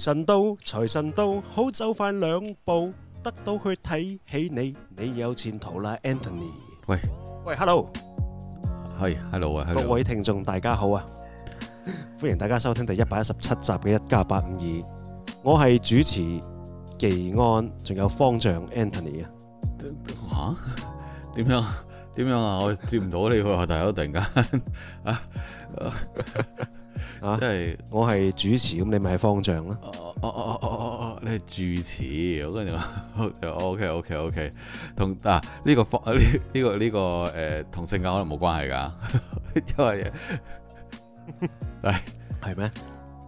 神到財神到，好走快兩步，得到佢睇起你，你有前途啦，Anthony。喂喂，Hello，係 Hello 啊，各位聽眾大家好啊，歡迎大家收聽第一百一十七集嘅一家八五二，我係主持紀安，仲有方丈 Anthony 啊。吓？點樣？點樣啊？我接唔到你喎， 大佬，突然間啊！啊 即係、啊、我係主持，咁你咪係方丈咯？哦哦哦哦哦哦，你係住持，我跟住話就 OK OK OK，同嗱呢個方呢呢個呢、啊這個誒，同、這個呃、性格可能冇關係噶，因為係咩？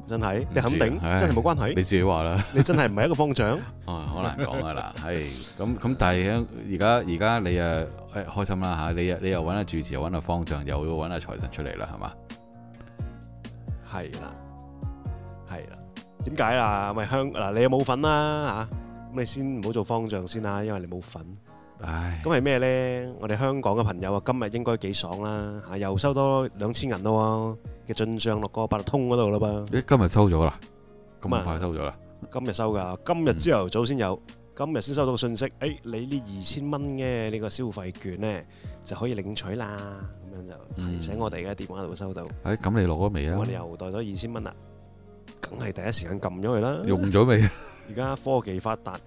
真係你肯定真係冇關係、哎？你自己話啦，你真係唔係一個方丈哦，好、 嗯、難講噶啦。係咁咁，但係而家而家你誒誒、哎、開心啦吓，你又你又揾下住持，又揾下方丈，又揾下財神出嚟啦，係嘛？ 係啦，係啦，點解啊？咪香嗱，你有冇份啦吓，咁你先唔好做方丈先啦，因為你冇份。唉，咁係咩咧？我哋香港嘅朋友啊，今日應該幾爽啦吓，又收多兩千銀咯，嘅進賬落個八達通嗰度咯噃。咦，今日收咗啦？咁快收咗啦？今日收噶，今日朝頭早先有，今日先收到信息，誒，你呢二千蚊嘅呢個消費券咧，就可以領取啦。嗯、就提醒我哋嘅電話度收到。哎，咁你攞咗未啊？我哋又袋咗二千蚊啦，梗係第一時間撳咗佢啦。用咗未？而家科技發達，係、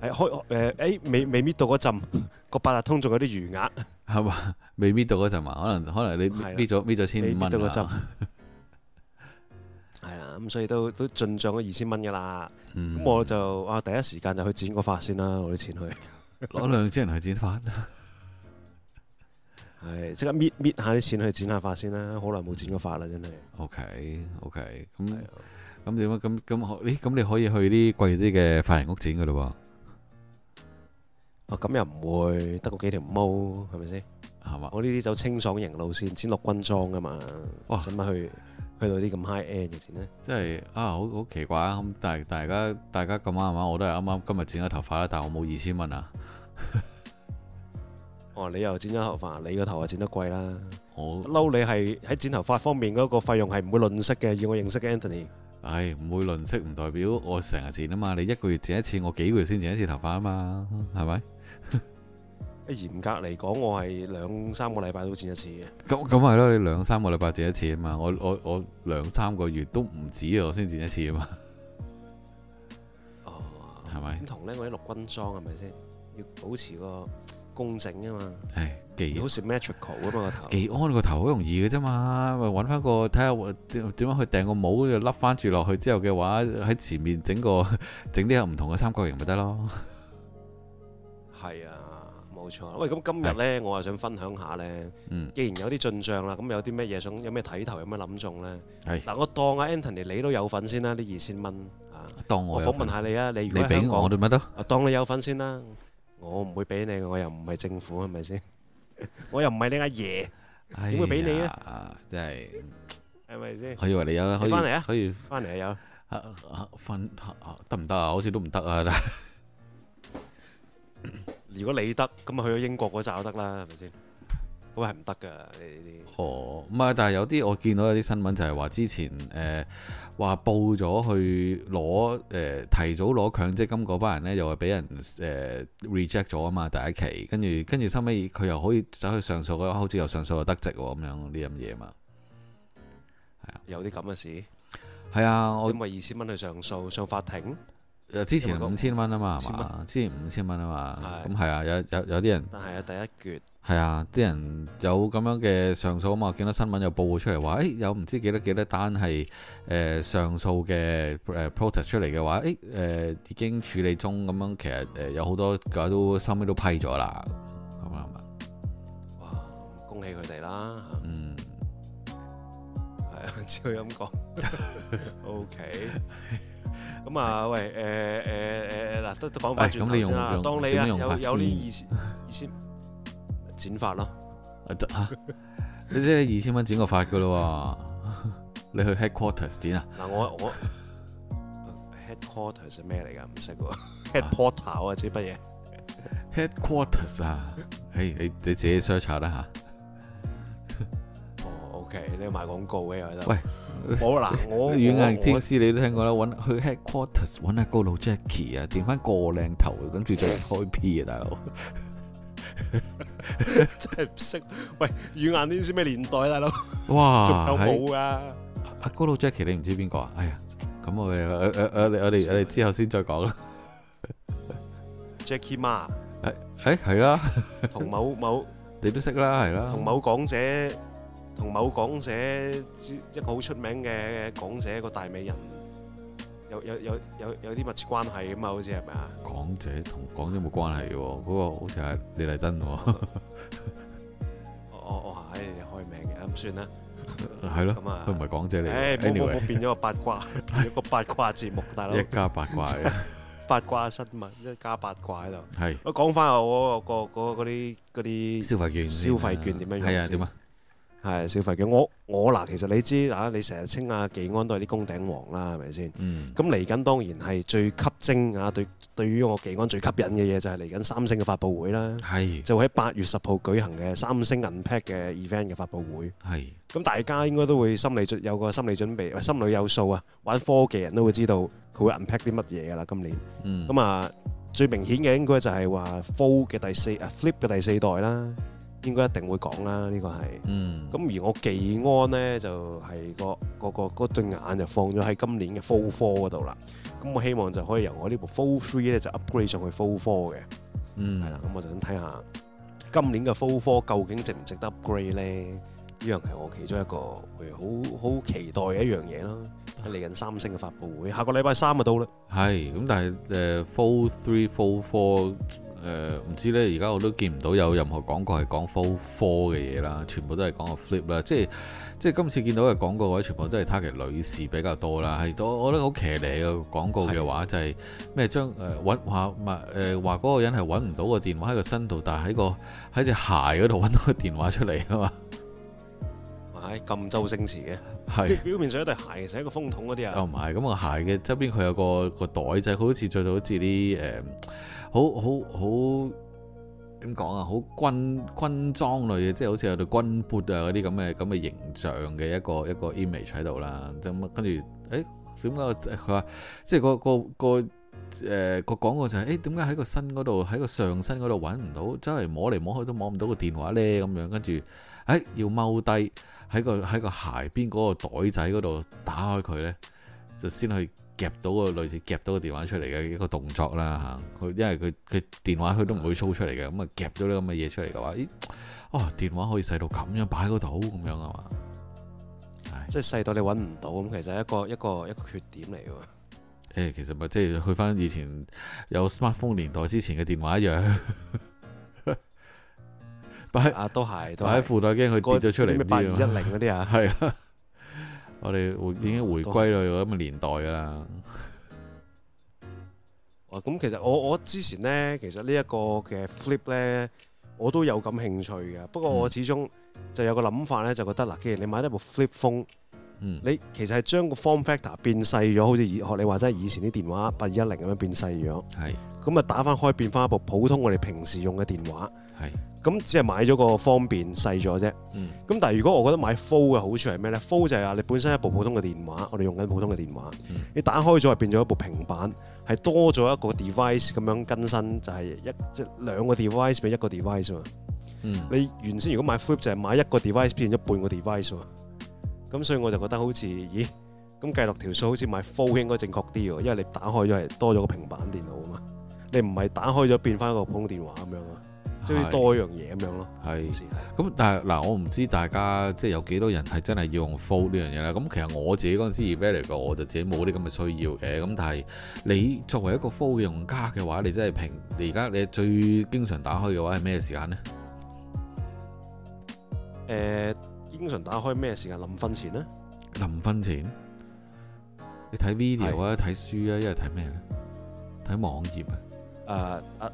哎、開誒誒、哎，未未搣到嗰陣，個八達通仲有啲餘額。係嘛？未搣到嗰陣嘛？可能可能你搣咗搣咗千蚊啦。係啊的，咁 所以都都進帳咗二千蚊噶啦。咁、嗯、我就哇第一時間就去剪個髮先啦，我啲錢去攞兩隻人去剪髮。 係即刻搣搣下啲錢去剪下髮先啦，好耐冇剪過髮啦，真係。O K O K，咁咁點樣？咁咁你咁你可以去啲貴啲嘅髮型屋剪噶咯喎。哦、啊，咁又唔會得過幾條毛係咪先？係嘛。吧我呢啲走清爽型路線，剪落軍裝噶嘛。哇、啊！使乜去去到啲咁 high end 嘅剪呢？即係啊，好好、啊、奇怪啊！咁但係大家大家咁啱啊！我都係啱啱今日剪咗頭髮啦，但我冇二千蚊啊。 哦、你又剪咗頭髮，你個頭啊剪得貴啦。我嬲你係喺剪頭髮方面嗰個費用係唔會吝嗇嘅，以我認識 Anthony。唉、哎，唔會吝嗇唔代表我成日剪啊嘛。你一個月剪一次，我幾個月先剪一次頭髮啊嘛，係咪？嚴 格嚟講，我係兩三個禮拜都剪一次嘅。咁咁係咯，你兩三個禮拜剪一次啊嘛。我我我兩三個月都唔止啊，我先剪一次啊嘛。哦，係咪吧？同呢，我啲陸軍裝係咪先？是是要保持個。工整啊嘛，係幾好似 symmetrical 啊嘛個頭，幾安個頭好容易嘅啫嘛，咪揾翻個睇下點點樣去掟個帽，就笠翻住落去之後嘅話，喺前面整個整啲有唔同嘅三角形咪得咯。係啊，冇錯。喂，咁今日咧，我又想分享下咧，嗯，既然有啲進賬啦，咁有啲咩嘢想有咩睇頭，有咩諗中咧？係。嗱，我當阿 Anton 嚟，你都有份先啦，呢二千蚊。當我，我問下你啊，你你俾我都乜得？啊，當你有份先啦。我唔會俾你，我又唔係政府，係咪先？我又唔係你阿爺，點會俾你啊？真係，係咪先？可以話你有啦，可以可以翻嚟啊，有啊，啊翻得唔得啊？好似都唔得啊！如果你得，咁啊去咗英國嗰扎得啦，係咪先？咁係唔得㗎呢啲哦，唔係，但係有啲我見到有啲新聞就係話之前誒話、呃、報咗去攞誒、呃、提早攞強積金嗰班人咧，又係俾人誒、呃、reject 咗啊嘛，第一期，跟住跟住收尾佢又可以走去上訴，好似又上訴又得值喎、哦、咁樣呢樣嘢嘛，啊、有啲咁嘅事係啊，我因為二千蚊去上訴上法庭。之前五千蚊啊嘛，5，之前五千蚊啊嘛，咁係啊，有有有啲人，但係啊第一卷，係啊，啲人有咁樣嘅上訴啊嘛，見到新聞又報告出嚟、哎呃、話，誒有唔知幾多幾多單係誒上訴嘅誒 protest 出嚟嘅話，誒、呃、誒已經處理中咁樣、嗯，其實誒、呃、有好多嘅都收尾都批咗啦，咁啊嘛，哇，恭喜佢哋啦，嗯，係啊，只可以咁講，OK。 咁、嗯、啊，喂，誒誒誒，嗱、呃呃，都得，講翻咁你用,用你啊，當你用法有有呢二千二千剪發咯，啊得吓，你即係二千蚊剪個發噶咯， 你去 headquarters 剪啊？嗱、啊，我我 headquarters 係咩嚟噶？唔識 headquarter 啊，即係乜 嘢？headquarters 啊，嘿你、 hey, 你自己 search 下啦吓。哦、 oh,，OK，你買廣告嘅我係咪？喂好啦，我軟硬天師你都聽過啦，去 headquarters 搵阿高佬 Jacky 啊，點翻個靚頭，跟住就嚟開 P 啊，大佬，真係識喂。軟硬天師咩年代大佬，哇仲有冇啊？阿高佬 Jacky 你唔知邊個啊？哎呀，咁我哋我我我我哋我哋之後先再講啦，Jacky Ma，誒誒係啦，同某某你都識啦，係啦，同某講者。同某港姐之一個好出名嘅港姐個大美人有有有有有啲密切關係咁嘛？好似係咪啊？港姐同港姐冇關係嘅？嗰個好似係李麗珍喎。我我我係開名嘅，咁算啦。係咯。咁啊，佢唔係港姐嚟嘅。誒，我我變咗個八卦，變咗個八卦節目，大佬。一家八卦。八卦新聞，一家八卦喺度。我講翻我個個嗰啲嗰啲消費券，消費券點樣用？係啊，點啊？係消費嘅，我我嗱，其實你知嗱，你成日稱啊，技安都係啲工頂王啦，係咪先？咁嚟緊當然係最吸睛啊！對對於我技安最吸引嘅嘢就係嚟緊三星嘅發布會啦，就喺八月十號舉行嘅三星 Unpacked 嘅 event 嘅發布會。咁大家應該都會心理有個心理準備，心裏有數啊！玩科技人都會知道佢會 unpack 啲乜嘢㗎啦，今年。咁啊，最明顯嘅應該就係話 Fold 嘅第四啊 Flip 嘅第四代啦。應該一定會講啦，呢、這個係。咁、嗯、而我技安咧就係、是那個個個嗰對眼就放咗喺今年嘅 Fold Four 嗰度啦。咁我希望就可以由我部呢部 Fold Three 咧就 Upgrade 上去 Fold Four 嘅。係啦、嗯，咁、嗯、我就想睇下今年嘅 Fold Four 究竟值唔值得 Upgrade 咧？呢樣係我其中一個好好期待嘅一樣嘢啦。睇嚟緊三星嘅發布會，下個禮拜三就到啦。係，咁但係誒 Fold Three、Fold Four。誒，唔、呃、知咧，而家我都見唔到有任何廣告係講 fold 嘅嘢啦，全部都係講個 flip 啦，即係即係今次見到嘅廣告位，全部都係 target 女士比較多啦，係我覺得好騎呢個廣告嘅話、就是，就係咩將誒揾話物誒嗰個人係揾唔到個電話喺個身度，但喺個喺隻鞋嗰度揾到個電話出嚟啊嘛，係咁周星馳嘅，係、啊、表面上一對鞋成個風筒嗰啲啊，哦唔係，咁、那個鞋嘅側邊佢有個個袋仔，佢好似著到好似啲誒。嗯好好好，點講啊？好軍軍裝類嘅，即係好似有對軍服啊嗰啲咁嘅咁嘅形象嘅一個一個 image 喺度啦。咁跟住，誒點解佢話即係個個個誒、呃、個廣告就係誒點解喺個身嗰度喺個上身嗰度揾唔到，真係摸嚟摸去都摸唔到個電話咧咁樣。跟住誒要踎低喺個喺個鞋邊嗰個袋仔嗰度打開佢咧，就先去。夾到個類似夾到個電話出嚟嘅一個動作啦吓，佢因為佢佢電話佢都唔會 show、嗯、出嚟嘅，咁啊夾咗啲咁嘅嘢出嚟嘅話，咦、哎、哦，電話可以細到咁樣擺喺嗰度咁樣啊嘛，即係細到你搵唔到，咁其實一個一個一個缺點嚟嘅。誒、欸，其實咪，即係去翻以前有 smartphone 年代之前嘅電話一樣，擺啊都係，擺喺褲袋驚佢跌咗出嚟八二一零嗰啲啊，係啊。我哋回已經回歸到咁嘅年代噶啦、嗯。咁、嗯嗯、其實我我之前呢，其實呢一個嘅 Flip 咧，我都有感興趣嘅。不過我始終就有個諗法咧，就覺得嗱，既然你買得部 Flip Phone，嗯、你其實係將個 form factor 變細咗，好似學你話齋以前啲電話八二一零咁樣變細咗，係。咁啊，打翻開變翻一部普通我哋平時用嘅電話，係咁是只係買咗個方便細咗啫。嗯，咁但係如果我覺得買 full 嘅好處係咩呢？full 就係啊，你本身一部普通嘅電話，我哋用緊普通嘅電話，嗯、你打開咗係變咗一部平板，係多咗一個 device 咁樣更新，就係、係、一即、就係、兩個 device 變一個 device 嘛。嗯、你原先如果買 flip 就係買一個 device 變咗半個 device 嘛。咁所以我就覺得好似咦，咁計落條數好似買 full 應該正確啲喎，因為你打開咗係多咗個平板電腦啊嘛。你唔係打開咗變翻一個普通電話咁樣啊？即係多一樣嘢咁樣咯。係。咁但係嗱，我唔知大家即係有幾多人係真係要用 Fold 呢樣嘢咧。咁其實我自己嗰陣時入嚟個，我就自己冇啲咁嘅需要嘅。咁但係你作為一個 Fold 用家嘅話，你真係平，你而家你最經常打開嘅話係咩時間呢？誒、呃，經常打開咩時間？臨瞓前呢？臨瞓前？你睇 video 啊，睇書啊，一係睇咩咧？睇網頁啊。誒誒、啊啊、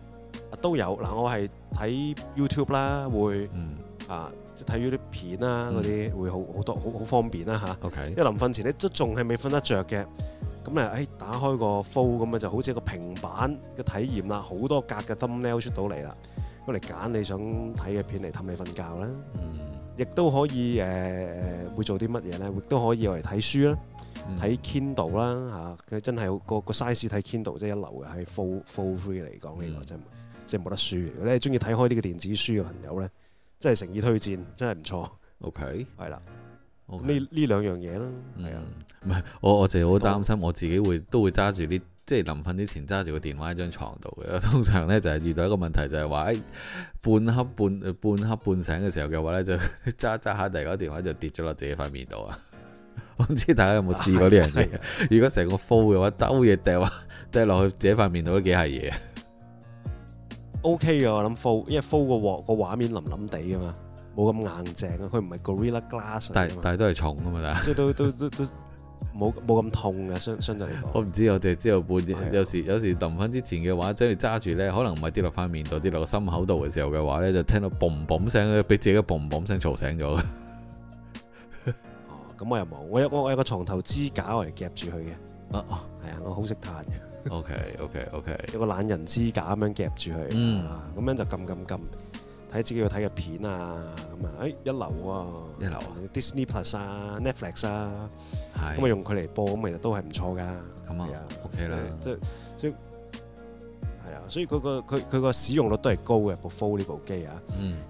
都有嗱，我係睇 YouTube 啦，會、嗯、啊，即睇啲片啦嗰啲，嗯、會好好多好好方便啦、啊、嚇。一 Okay. 臨瞓前咧都仲係未瞓得着嘅，咁咧誒打開個 Fold 咁樣就好似一個平板嘅體驗啦，好多格嘅 Thumbnail 出到嚟啦，用嚟揀你想睇嘅片嚟氹你瞓覺啦。亦都、嗯、可以誒、呃、會做啲乜嘢咧？亦都可以嚟睇書啦。睇 Kindle 啦嚇，佢、啊、真係個個 size 睇 Kindle 即係一流嘅，喺 full free 嚟講呢個真係即係冇得輸。如果你中意睇開呢個電子書嘅朋友咧，真係誠意推薦，真係唔錯。OK，係啦了，呢呢兩樣嘢啦，係啊、嗯。唔係的我我就好擔心我自己會都會揸住啲即係臨瞓之前揸住個電話喺張床度嘅。通常咧就係、是、遇到一個問題就係話喺半黑半半黑半醒嘅時候嘅話咧，就揸揸下第二個電話就跌咗落自己塊面度啊！我唔知大家有冇試過呢樣嘢，的如果成個 f u l l 嘅話，兜嘢的掉嘅話，掉落去自己塊面度都幾係嘢。O K 嘅我諗 f u l l 因為 f u l l 個畫個畫面腍腍地啊嘛，冇咁硬淨啊，佢唔係 Gorilla、er、Glass 但。但係但係都係重啊嘛，即係都都都冇冇咁痛啊，相相對嚟講。我唔知，我淨係知道半夜， 有時有時抌翻之前嘅話，即係揸住咧，可能唔係跌落塊面度，跌落個心口度嘅時候嘅話咧，就聽到嘣嘣聲咧，俾自己嘣嘣聲嘈醒咗。咁我又冇，我有我我有個床頭支架我嚟夾住佢嘅，哦，啊，係啊，我好識嘆嘅。OK OK OK，有個懶人支架咁樣夾住佢，咁、嗯、樣就撳撳撳，睇自己要睇嘅片啊，咁啊，誒一流喎，一流啊，Disney Plus 啊，Dis 啊，Netflix 啊，咁啊的用佢嚟播，咁 Come on, 其實都係唔錯㗎。咁啊，OK 啦了，即係即。係啊，所以佢個佢佢個使用率都係高嘅部 Fold 呢部機啊，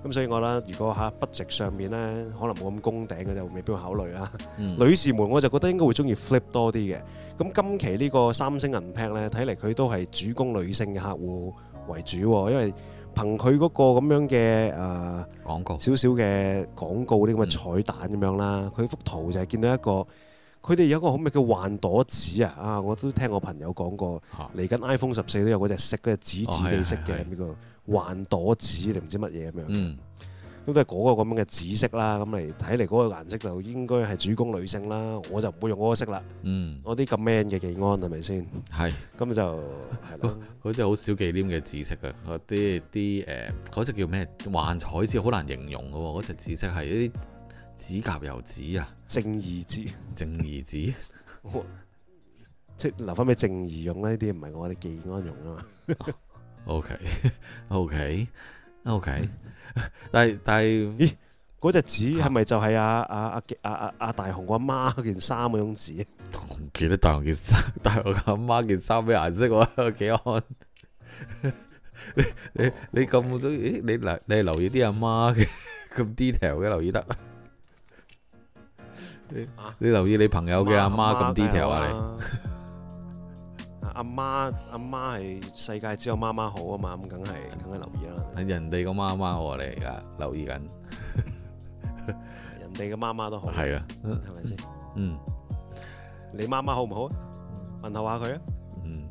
咁所以我覺得啦，如果喺筆值上面咧，可能冇咁攻頂嘅就未必會考慮啦。女士們，我就覺得應該會中意 Flip 多啲嘅。咁今期呢個三星銀屏咧，睇嚟佢都係主攻女性嘅客戶為主，因為憑佢嗰個咁樣嘅誒廣告，少少嘅廣告啲咁嘅彩蛋咁樣啦，佢幅圖就係見到一個。佢哋有個好咩叫幻朵紫啊！啊，我都聽我朋友講過，嚟緊 iPhone 十四都有嗰隻色嗰隻紫紫哋色嘅呢、哦，那個幻朵紫定唔知乜嘢咁樣。咁、嗯、都係嗰個咁樣嘅紫色啦。咁嚟睇嚟嗰個顏色就應該係主攻女性啦。我就唔會用嗰個色啦。嗯，啲咁 man 嘅技安係咪先？係。咁就係咯。嗰啲好少忌廉嘅紫色啊。嗰啲啲誒，嗰隻、呃、叫咩幻彩紫？好難形容嘅喎。嗰隻紫色係一啲。指甲油紙啊，正義紙，正義紙，即係留翻俾正義用呢啲唔係我哋記安用啊嘛。OK，OK，OK。但係但係，咦？嗰隻紙係咪就係阿阿阿阿阿大雄阿媽件衫嗰種紙？唔記得大雄件衫，大雄阿媽件衫咩顏色？我記安你你你咁中意、oh, okay.？咦？你留你,你留意啲阿媽嘅咁 detail 嘅留意得。你留意你朋友嘅阿媽咁 detail 啊？你阿媽阿媽，係世界只有媽媽好啊嘛，咁梗係梗係留意啦。人哋個媽媽你而家留意緊。人哋嘅媽媽都好係啊，係咪先？嗯，你媽媽好唔好啊？問候下佢啊。嗯，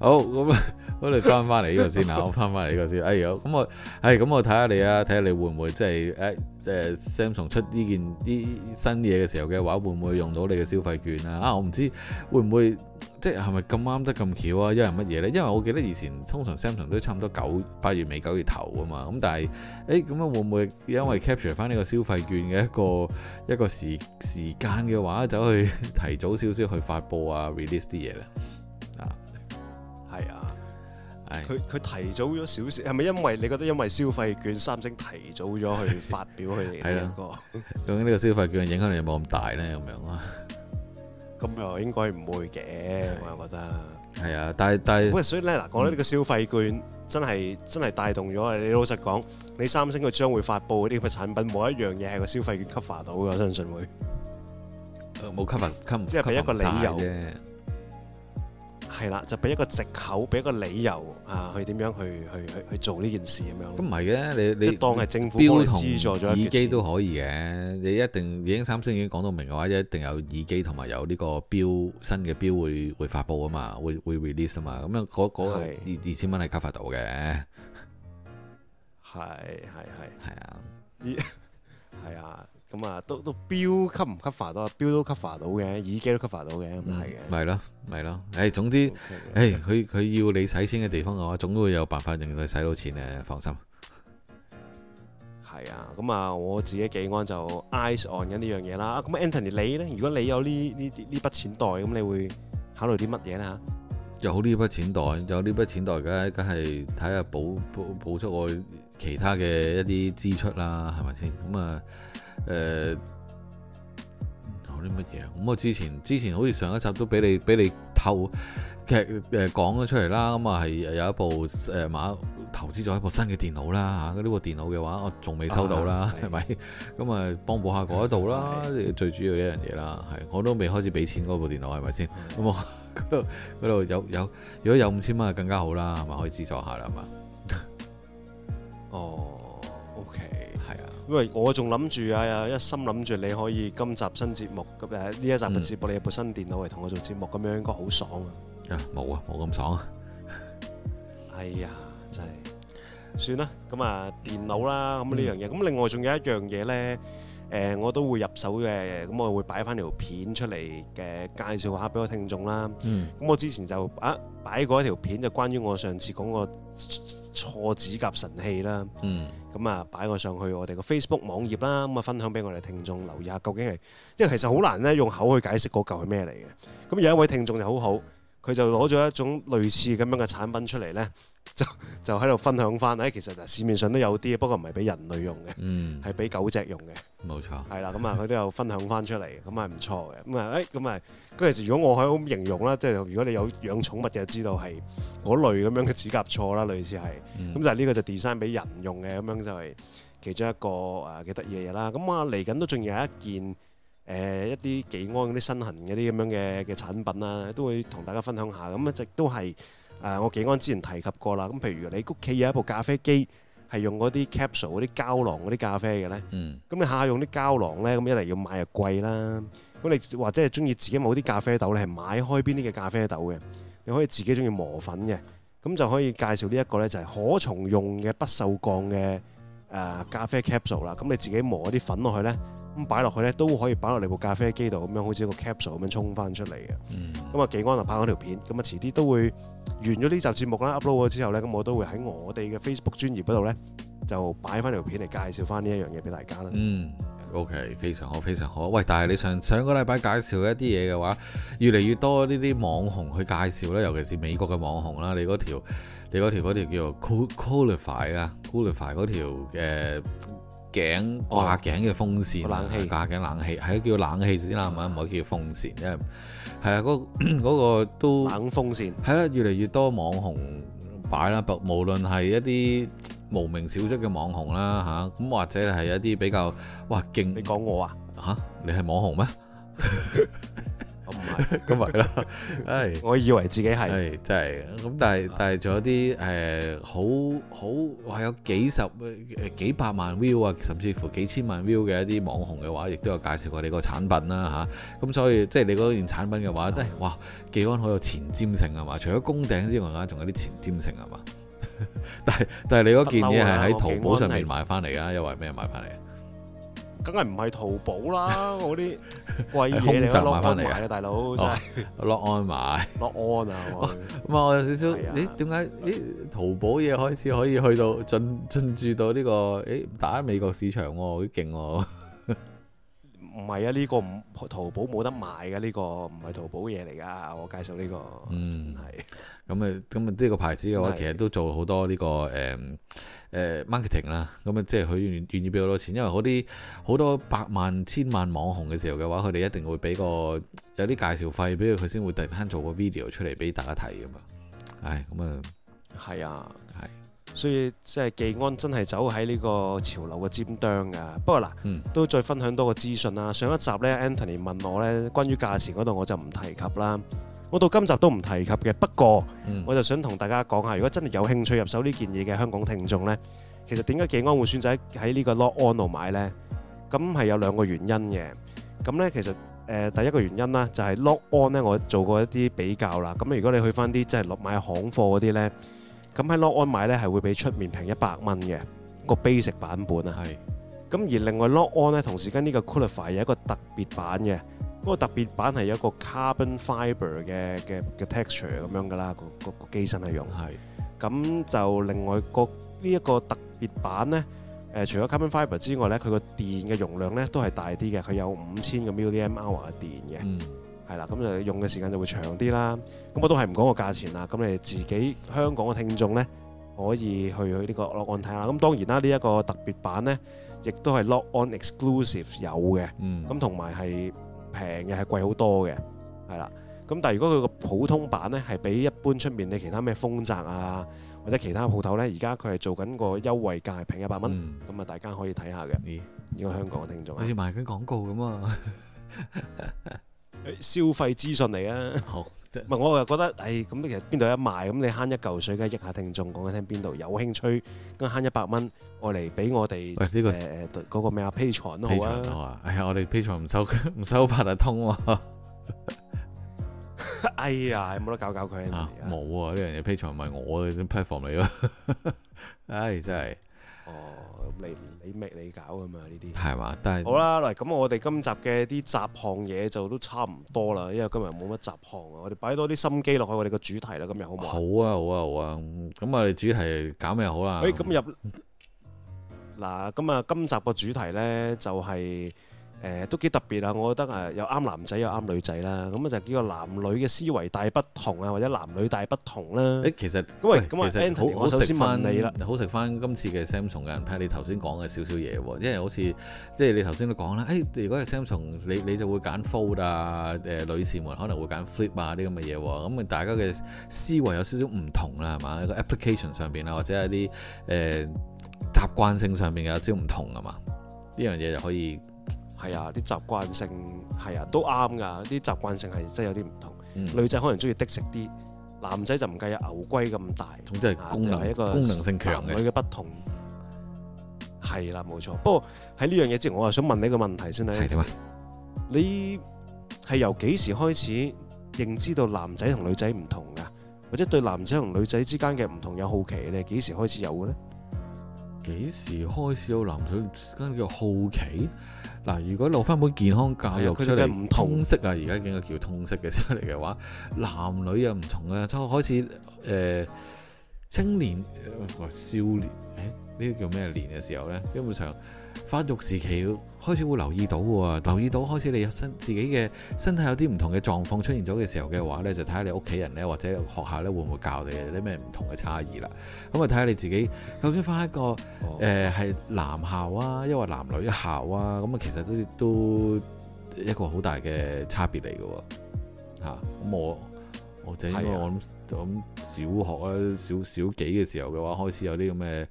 好咁。好，你翻翻嚟呢個先啦，我翻翻嚟呢個先。哎呦，咁我，係、欸、咁、嗯、我睇下你啊，睇下你會唔會即、就、係、是，誒誒 Samson 出呢件啲新嘢嘅時候嘅話，會唔會用到你嘅消費券啊？啊，我唔知會唔會即係係咪咁啱得咁巧啊？就是、in, 因為乜嘢咧？因為我記得以前通常 Samson 都差唔多九八月尾九月頭啊嘛。咁但係，誒咁啊會唔會因為 capture 翻呢個消費券嘅一個一個時時間嘅話，走去提早少少去發佈啊 release 啲嘢咧？佢佢提早咗少少，係咪因為你覺得因為消費券，三星提早咗去發表佢哋兩個？究竟呢個消費券影響力有冇咁大咧？咁樣啊？咁又應該唔會嘅，我又覺得。係啊，但係但係，所以咧嗱，講到呢個消費券，真係真係帶動咗你老實講，你三星佢將會發布嗰啲乜產品，冇一樣嘢係個消費券 cover 到嘅，我相信會。冇 cover，cover，即係佢一個理由啫。係啦，就俾一個藉口，俾一個理由啊，去點樣去去去去做呢件事咁樣。咁唔係嘅，你你當係政府幫你資助咗一耳機都可以嘅，你一定已經三星已經講到明嘅話，一定有耳機同埋有呢個錶新嘅錶會會發布啊嘛，會會 release 啊嘛。咁樣嗰嗰二二千蚊係 cover 到嘅。係係係。係啊。係啊。 咁啊，都都標吸唔吸發都，標都吸發到嘅，耳機都吸發到嘅，咁係嘅，咪咯咪咯，誒，總之，誒 Okay.、哎，佢佢要你使錢嘅地方嘅話，總會有辦法令佢使到錢嘅，放心。係啊，咁、嗯、啊，我自己幾安就 eyes on 緊呢樣嘢啦。咁、啊嗯、Anthony 你咧，如果你有呢呢呢筆錢袋，咁你會考慮啲乜嘢咧？有呢筆錢袋，有呢筆錢袋嘅，梗係睇下補補補出我其他嘅一啲支出啦，係咪先？咁、嗯、啊～、嗯誒，有啲乜嘢？咁、嗯、我之前之前好似上一集都俾你俾你透劇誒講咗出嚟啦。咁啊係有一部誒馬、呃、投資咗一部新嘅電腦啦吓。呢、啊、部電腦嘅話我仲未收到啦，係咪、啊？咁啊幫補下嗰一度啦，的最主要呢樣嘢啦，係我都未開始俾錢嗰部電腦，係咪先？咁的 我嗰度度有有，有，如果有五千蚊，更加好啦，係咪可以資助下啦？係嘛？哦、 oh，OK。因為我仲諗住啊啊，一心諗住你可以今集新節目咁誒，呢一集節目、嗯、你有部新電腦嚟同我做節目，咁樣應該好爽啊！啊，冇啊，冇咁爽啊！ 哎呀，真係算啦，咁啊電腦啦，咁呢樣嘢，咁、嗯、另外仲有一樣嘢咧。誒我都會入手嘅，咁我會擺翻條片出嚟嘅介紹下俾我聽眾啦。咁、嗯、我之前就啊擺過一條片，就關於我上次講過錯指甲神器啦。咁啊擺我上去我哋嘅 Facebook 網頁啦，咁啊分享俾我哋聽眾留意下，究竟係，因為其實好難咧用口去解釋嗰嚿係咩嚟嘅。咁有一位聽眾就好好。佢就攞咗一種類似咁樣嘅產品出嚟呢，就就喺度分享翻。誒，其實嗱，市面上都有啲，不過唔係俾人類用嘅，係俾、嗯、狗隻用嘅。冇錯，係啦。咁啊，佢都有分享翻出嚟，咁係唔錯嘅。咁啊，誒、欸，咁啊嗰陣時，如果我可以咁形容啦，即係如果你有養寵物就知道係嗰類咁樣嘅指甲錯啦，類似係。咁就係呢個就 design 俾人用嘅，咁樣就係其中一個誒幾得意嘅嘢啦。咁啊嚟緊、啊、都仲有一件。誒一啲幾安嗰啲身痕嗰啲咁樣嘅嘅產品啦，都會同大家分享下。咁一直都係誒我幾安之前提及過啦。咁譬如你屋企有一部咖啡機，係用嗰啲 capsule 嗰啲膠囊嗰啲咖啡嘅咧。嗯。咁你下下用啲膠囊咧，咁一嚟要買又貴啦。咁你或者係中意自己買啲咖啡豆咧，係買開邊啲嘅咖啡豆嘅？你可以自己中意磨粉嘅，咁就可以介紹呢一個咧，就係可重用嘅不鏽鋼嘅誒咖啡 capsule 啦。咁你自己磨一啲粉落去咧。咁擺落去咧都可以擺落嚟部咖啡機度，咁樣、嗯、好似個 capsule 咁樣沖翻出嚟嘅。咁啊，幾安就拍咗條片，咁啊遲啲都會完咗呢集節目啦，upload 咗之後咧，咁我都會喺我哋嘅 Facebook 專頁嗰度咧，就擺翻條片嚟介紹翻呢一樣嘢俾大家啦。嗯，OK，非常好，非常好。喂，但係你上上個禮拜介紹一啲嘢嘅話，越嚟越多呢啲網紅去介紹啦，尤其是美國嘅網紅啦。你嗰條，你嗰條嗰條叫 Qualify 啊，Qualify 嗰條嘅。頸掛頸嘅風扇，哦、冷氣掛頸冷氣，係都叫冷氣先啦，唔係唔可以叫風扇，因為係啊，嗰嗰、嗰個嗰個都冷風扇。係啦，越嚟越多網紅擺啦，無論係一啲無名小卒嘅網紅啦，吓、啊、咁或者係一啲比較哇勁。你講我啊？吓、啊，你係網紅咩？ 我唔係，咁咪啦，係， 我以為自己係，係 真係，咁但係但係仲有啲誒好好，係有幾十誒幾百萬 view 啊，甚至乎幾千萬 view 嘅一啲網紅嘅話，亦都有介紹過你個產品啦嚇，咁、啊、所以即係、就是、你嗰件產品嘅話，真係的哇，技安好有前瞻性係嘛？除咗供頂之外，而仲有啲前瞻性係嘛？ 但係但係你嗰件嘢係喺淘寶上面買翻嚟嘅，又係咩買翻嚟？梗係唔係淘寶啦？我啲貴嘢都落安買嘅，大佬哥，落安買，落安啊！咁啊，我有少少， 咦，點解？咦，淘寶嘢開始可以去到 進進駐到呢、呢個誒打美國市場喎、哦，好勁喎！ 唔係啊！呢個淘寶冇得賣嘅，呢個唔係淘寶嘢嚟㗎。我介紹呢個，嗯係咁啊，咁啊呢個牌子嘅話其實都做好多呢個誒誒、呃呃、marketing 啦。咁、嗯、啊，即係佢願願意俾好多錢，因為嗰啲好多百萬、千萬網紅嘅時候嘅話，佢哋一定會俾個有啲介紹費，俾佢佢先會突然間做個 video 出嚟俾大家睇㗎嘛。唉，咁啊，係啊。所以即係技安真係走喺呢個潮流嘅尖端㗎。不過嗱，都再分享多個資訊啦。上一集呢 Anthony 問我呢，關於價錢嗰度我就唔提及啦。我到今集都唔提及嘅。不過，嗯、我就想同大家講下，如果真係有興趣入手呢件嘢嘅香港聽眾呢，其實點解技安會選擇喺呢個 Lock On 度買呢？咁係有兩個原因嘅。咁呢，其實誒、呃、第一個原因啦，就係 Lock On 呢，我做過一啲比較啦。咁如果你去翻啲即係買行貨嗰啲呢。咁喺 Lockon 買咧係會比出面平一百蚊嘅個 basic 版本啊，係是。咁而另外 Lockon 咧，同時跟呢個 Coolify 有一個特別版嘅，嗰、那個特別版係有一個 carbon fibre 嘅嘅嘅 texture 咁樣噶啦，那個個、那個機身係用。係是。咁就另外個呢一、這個特別版咧，誒、呃，除咗 carbon fiber 之外咧，佢個電嘅容量咧都係大啲嘅，佢有五千個 milliamp hour 嘅電嘅。嗯係啦，咁就用嘅時間就會長啲啦。咁我都係唔講個價錢啦。咁你哋自己香港嘅聽眾咧，可以去去呢個 Lock On 睇下。咁當然啦，呢一個特別版咧，亦都係 Lock On Exclusive 有嘅。嗯。咁同埋係平嘅，係貴好多嘅，係啦。咁但係如果佢個普通版咧，係比一般出面嘅其他咩豐澤啊，或者其他鋪頭咧，而家佢係做緊個優惠價，平一百蚊。嗯。咁啊，大家可以睇下嘅。咦？呢個香港嘅聽眾啊。好似賣緊廣告咁啊！消費資訊嚟啊！唔係好， 我又覺得，哎，咁其實邊度一賣？咁你慳一嚿水，梗係益下聽眾講緊聽邊度有興趣，咁慳一百蚊，我嚟俾我哋。喂，呢、這個誒嗰、呃那個咩啊？Patreon 啊！哎呀，我哋 Patreon 唔收，唔收八達通喎、啊。 哎呀，冇得搞搞佢。冇啊！呢樣嘢 Patreon 唔係我嘅 platform 嚟咯。唉、 哎，真係。哦，咁你你咪你搞噶嘛呢啲，係嘛？但係好啦，嗱，咁我哋今集嘅啲雜項嘢就都差唔多啦，因為今日冇乜雜項啊，我哋擺多啲心機落去我哋個主題啦，今日好唔好？好啊，好啊，好啊！咁我哋主題搞咩好啦？喂，咁入嗱，咁啊今集個主題咧就係。誒都幾特別啊！我覺得啊，又啱男仔又啱女仔啦。咁啊，就叫個男女嘅思維大不同啊，或者男女大不同啦。誒、欸，其實喂，咁我首先問你啦，好食翻今次嘅 Samsung 嘅人睇你頭先講嘅少少嘢喎，因為好似即係你頭先都講啦。誒、欸，如果係 Samsung 你你就會揀 Fold 啊，誒、呃，女士們可能會揀 Flip 啊啲咁嘅嘢喎。咁啊、嗯，大家嘅思維有少少唔同啦，係嘛？一個 application 上邊啊，或者係啲誒習慣性上邊有少少唔同啊嘛。呢樣嘢就可以。係啊，啲習慣性係啊，都啱噶。啲習慣性係真係有啲唔同。嗯、女仔可能中意的食啲，男仔就唔計啊牛龜咁大。總之係功能、啊就係、一個功能性強嘅。男女嘅不同係啦，冇、嗯啊、錯。不過喺呢樣嘢之前，我又想問你一個問題先啦。係點啊？你係由幾時開始認知到男仔同女仔唔同㗎？或者對男仔同女仔之間嘅唔同有好奇你咧？幾時開始有嘅咧？幾時開始有男女？跟住叫好奇。嗱，如果落翻本健康教育出嚟，唔通識啊，而家應該叫通識嘅出嚟嘅話，男女又唔同啊，初開始誒、呃，青年少年。呢個叫咩年嘅時候呢？基本上發育時期開始會留意到嘅喎，留意到開始你身自己嘅身體有啲唔同嘅狀況出現咗嘅時候嘅話呢，就睇下你屋企人呢，或者學校呢會唔會教你有啲咩唔同嘅差異啦。咁啊睇下你自己究竟翻一個誒係、oh. 呃、男校啊，抑或男女校啊，咁、嗯、啊其實都都一個好大嘅差別嚟嘅喎，吓、嗯、咁我。或者我就應該我諗小學啊，小小幾嘅時候嘅話，開始有啲咁嘅，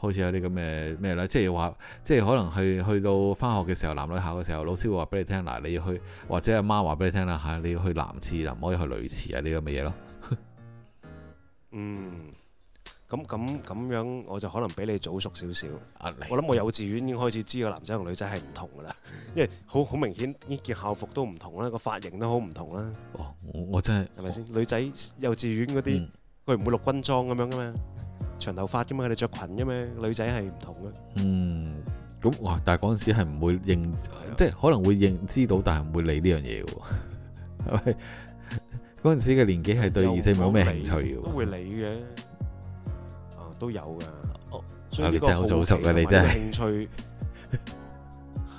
開始有啲咁嘅咩啦，即係話，即係可能去去到翻學嘅時候，男女校嘅時候，老師會話俾你聽，嗱，你要去，或者阿媽話俾你聽啦，嚇，你要去男廁，就唔可以去女廁啊，呢啲咁嘅嘢咯。 嗯。咁咁咁樣，我就可能比你早熟少少。啊、我諗我幼稚園已經開始知個男仔同女仔係唔同噶啦， 因為好好明顯，呢件校服都唔同啦，個髮型都好唔同啦。哦，我真係係咪先？是是我女仔幼稚園嗰啲，佢唔、嗯、會陸軍裝咁樣噶嘛，長頭髮噶嘛，佢哋着裙噶嘛，女仔係唔同嘅。嗯，咁哇！但係嗰陣時係唔會認，的即係可能會認知到，但係唔會理呢樣嘢喎。係咪？嗰陣時嘅年紀係對異性冇咩興趣嘅，唔會理嘅。都有噶，所以你真係好早熟嘅，你真係興趣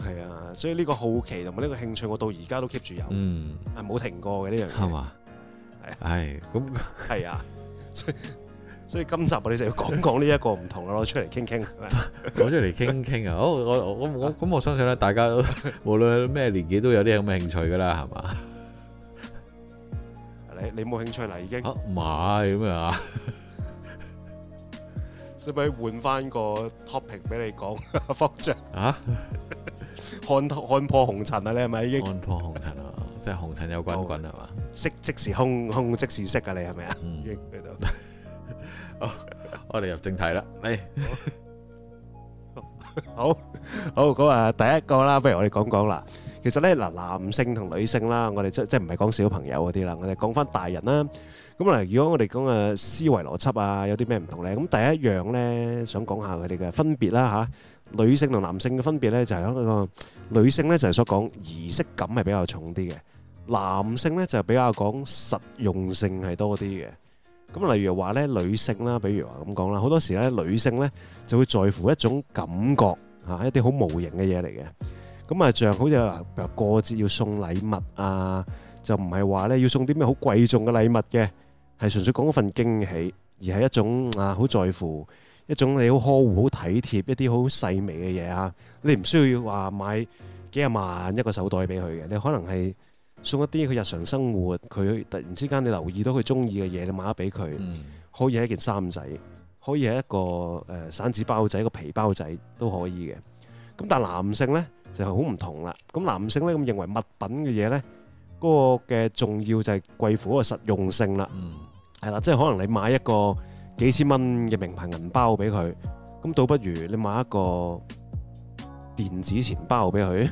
係啊，所以呢個好奇同埋呢個興趣，我到而家都 keep 住有，嗯，係冇停過嘅呢樣嘢，係嘛？係，咁係啊，所以，所以今集我哋就要講講呢一個唔同咯，出嚟傾傾，攞出嚟傾傾啊，好，我我我咁我相信咧，大家都無論咩年紀都有啲咁嘅興趣噶啦，係嘛？你你冇興趣啦已經，咪咁啊。使唔使換翻個 topic 俾你講？方丈啊， 看看破紅塵啊，你係咪已經？看破紅塵啊，即係紅塵有滾滾係嘛？色、哦、吧即是空，空即是色啊，你係咪啊？嗯，喺度。 我哋入正題啦。嚟好， 好好，咁啊，第一個啦，不如我哋講講啦。其實咧，嗱，男性同女性啦，我哋即即唔係講小朋友嗰啲啦，我哋講返大人啦。咁啊，如果我哋講嘅思維邏輯啊，有啲咩唔同咧？咁第一樣咧，想講下佢哋嘅分別啦嚇。女性同男性嘅分別咧，就係響嗰個女性咧，就係所講儀式感係比較重啲嘅；男性咧就比較講實用性係多啲嘅。咁例如話咧，女性啦，比如話咁講啦，好多時咧，女性咧就會在乎一種感覺嚇，一啲好無形嘅嘢嚟嘅。咁啊，就好似話過節要送禮物啊，就唔係話咧要送啲咩好貴重嘅禮物嘅，係純粹講一份驚喜，而係一種啊好在乎，一種你好呵護、好體貼一啲好細微嘅嘢啊。你唔需要要話買幾廿萬一個手袋俾佢嘅，你可能係送一啲佢日常生活，佢突然之間你留意到佢中意嘅嘢，你買咗俾佢，可以係一件衫仔，可以係一個誒散紙包仔、一個皮包仔都可以嘅。咁但男性咧。就係好唔同啦。咁男性咧，咁認為物品嘅嘢咧，嗰個嘅重要就係貴乎嗰個實用性啦。係啦，即係可能你買一個幾千蚊嘅名牌銀包俾佢，咁倒不如你買一個電子錢包俾佢，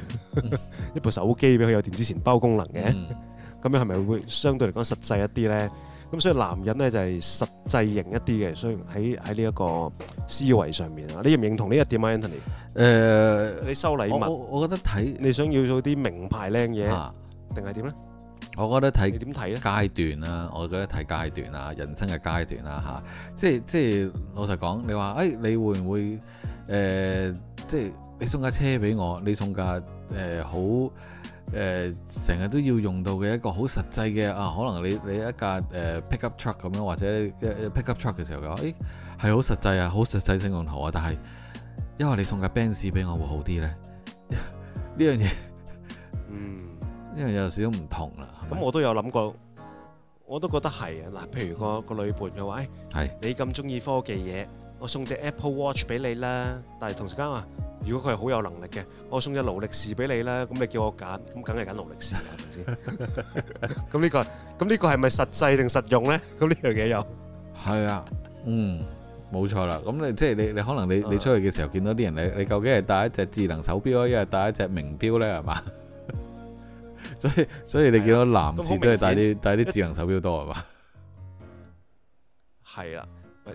一部手機俾佢有電子錢包功能嘅，咁樣係咪會相對嚟講實際一啲咧？咁所以男人咧就係實際型一啲嘅，所以喺喺呢一個思維上面啊，你認唔認同呢一點啊，Anthony？誒、呃，你收禮物，我我，我覺得睇你想要做啲名牌靚嘢，定係點咧？我覺得睇你點睇咧？階段啊，我覺得睇階段啊，人生嘅階段啊。吓，即係即係老實講，你話誒、哎，你會唔會誒、呃，即係你送架車俾我，你送架誒好？呃誒成日都要用到嘅一個好實際嘅啊，可能你你一架誒、呃、pickup truck 咁樣，或者 pickup truck 嘅時候嘅，誒係好實際啊，好實際性用途啊，但係因為你送架 Benz 俾我會好啲咧？呢 樣嘢，嗯，呢樣有少少唔同啦。咁、嗯、吧我都有諗過，我都覺得係啊。嗱，譬如個個女伴嘅話，誒、哎，你咁中意科技嘢。我送隻 Apple Watch 俾你啦，但係同時間話，如果佢係好有能力嘅，我送隻勞力士俾你啦，咁你叫我揀，咁梗係揀勞力士啦，係咪先？咁呢個，咁呢個係咪實際定實用咧？咁呢樣嘢又係啊，嗯，冇錯啦。咁你即係你，你可能你你出去嘅時候見到啲人，你你究竟係戴一隻智能手錶呀，一係戴一隻名錶咧，係嘛？所以所以你見到男士都係戴啲戴啲智能手錶多係嘛？係啊。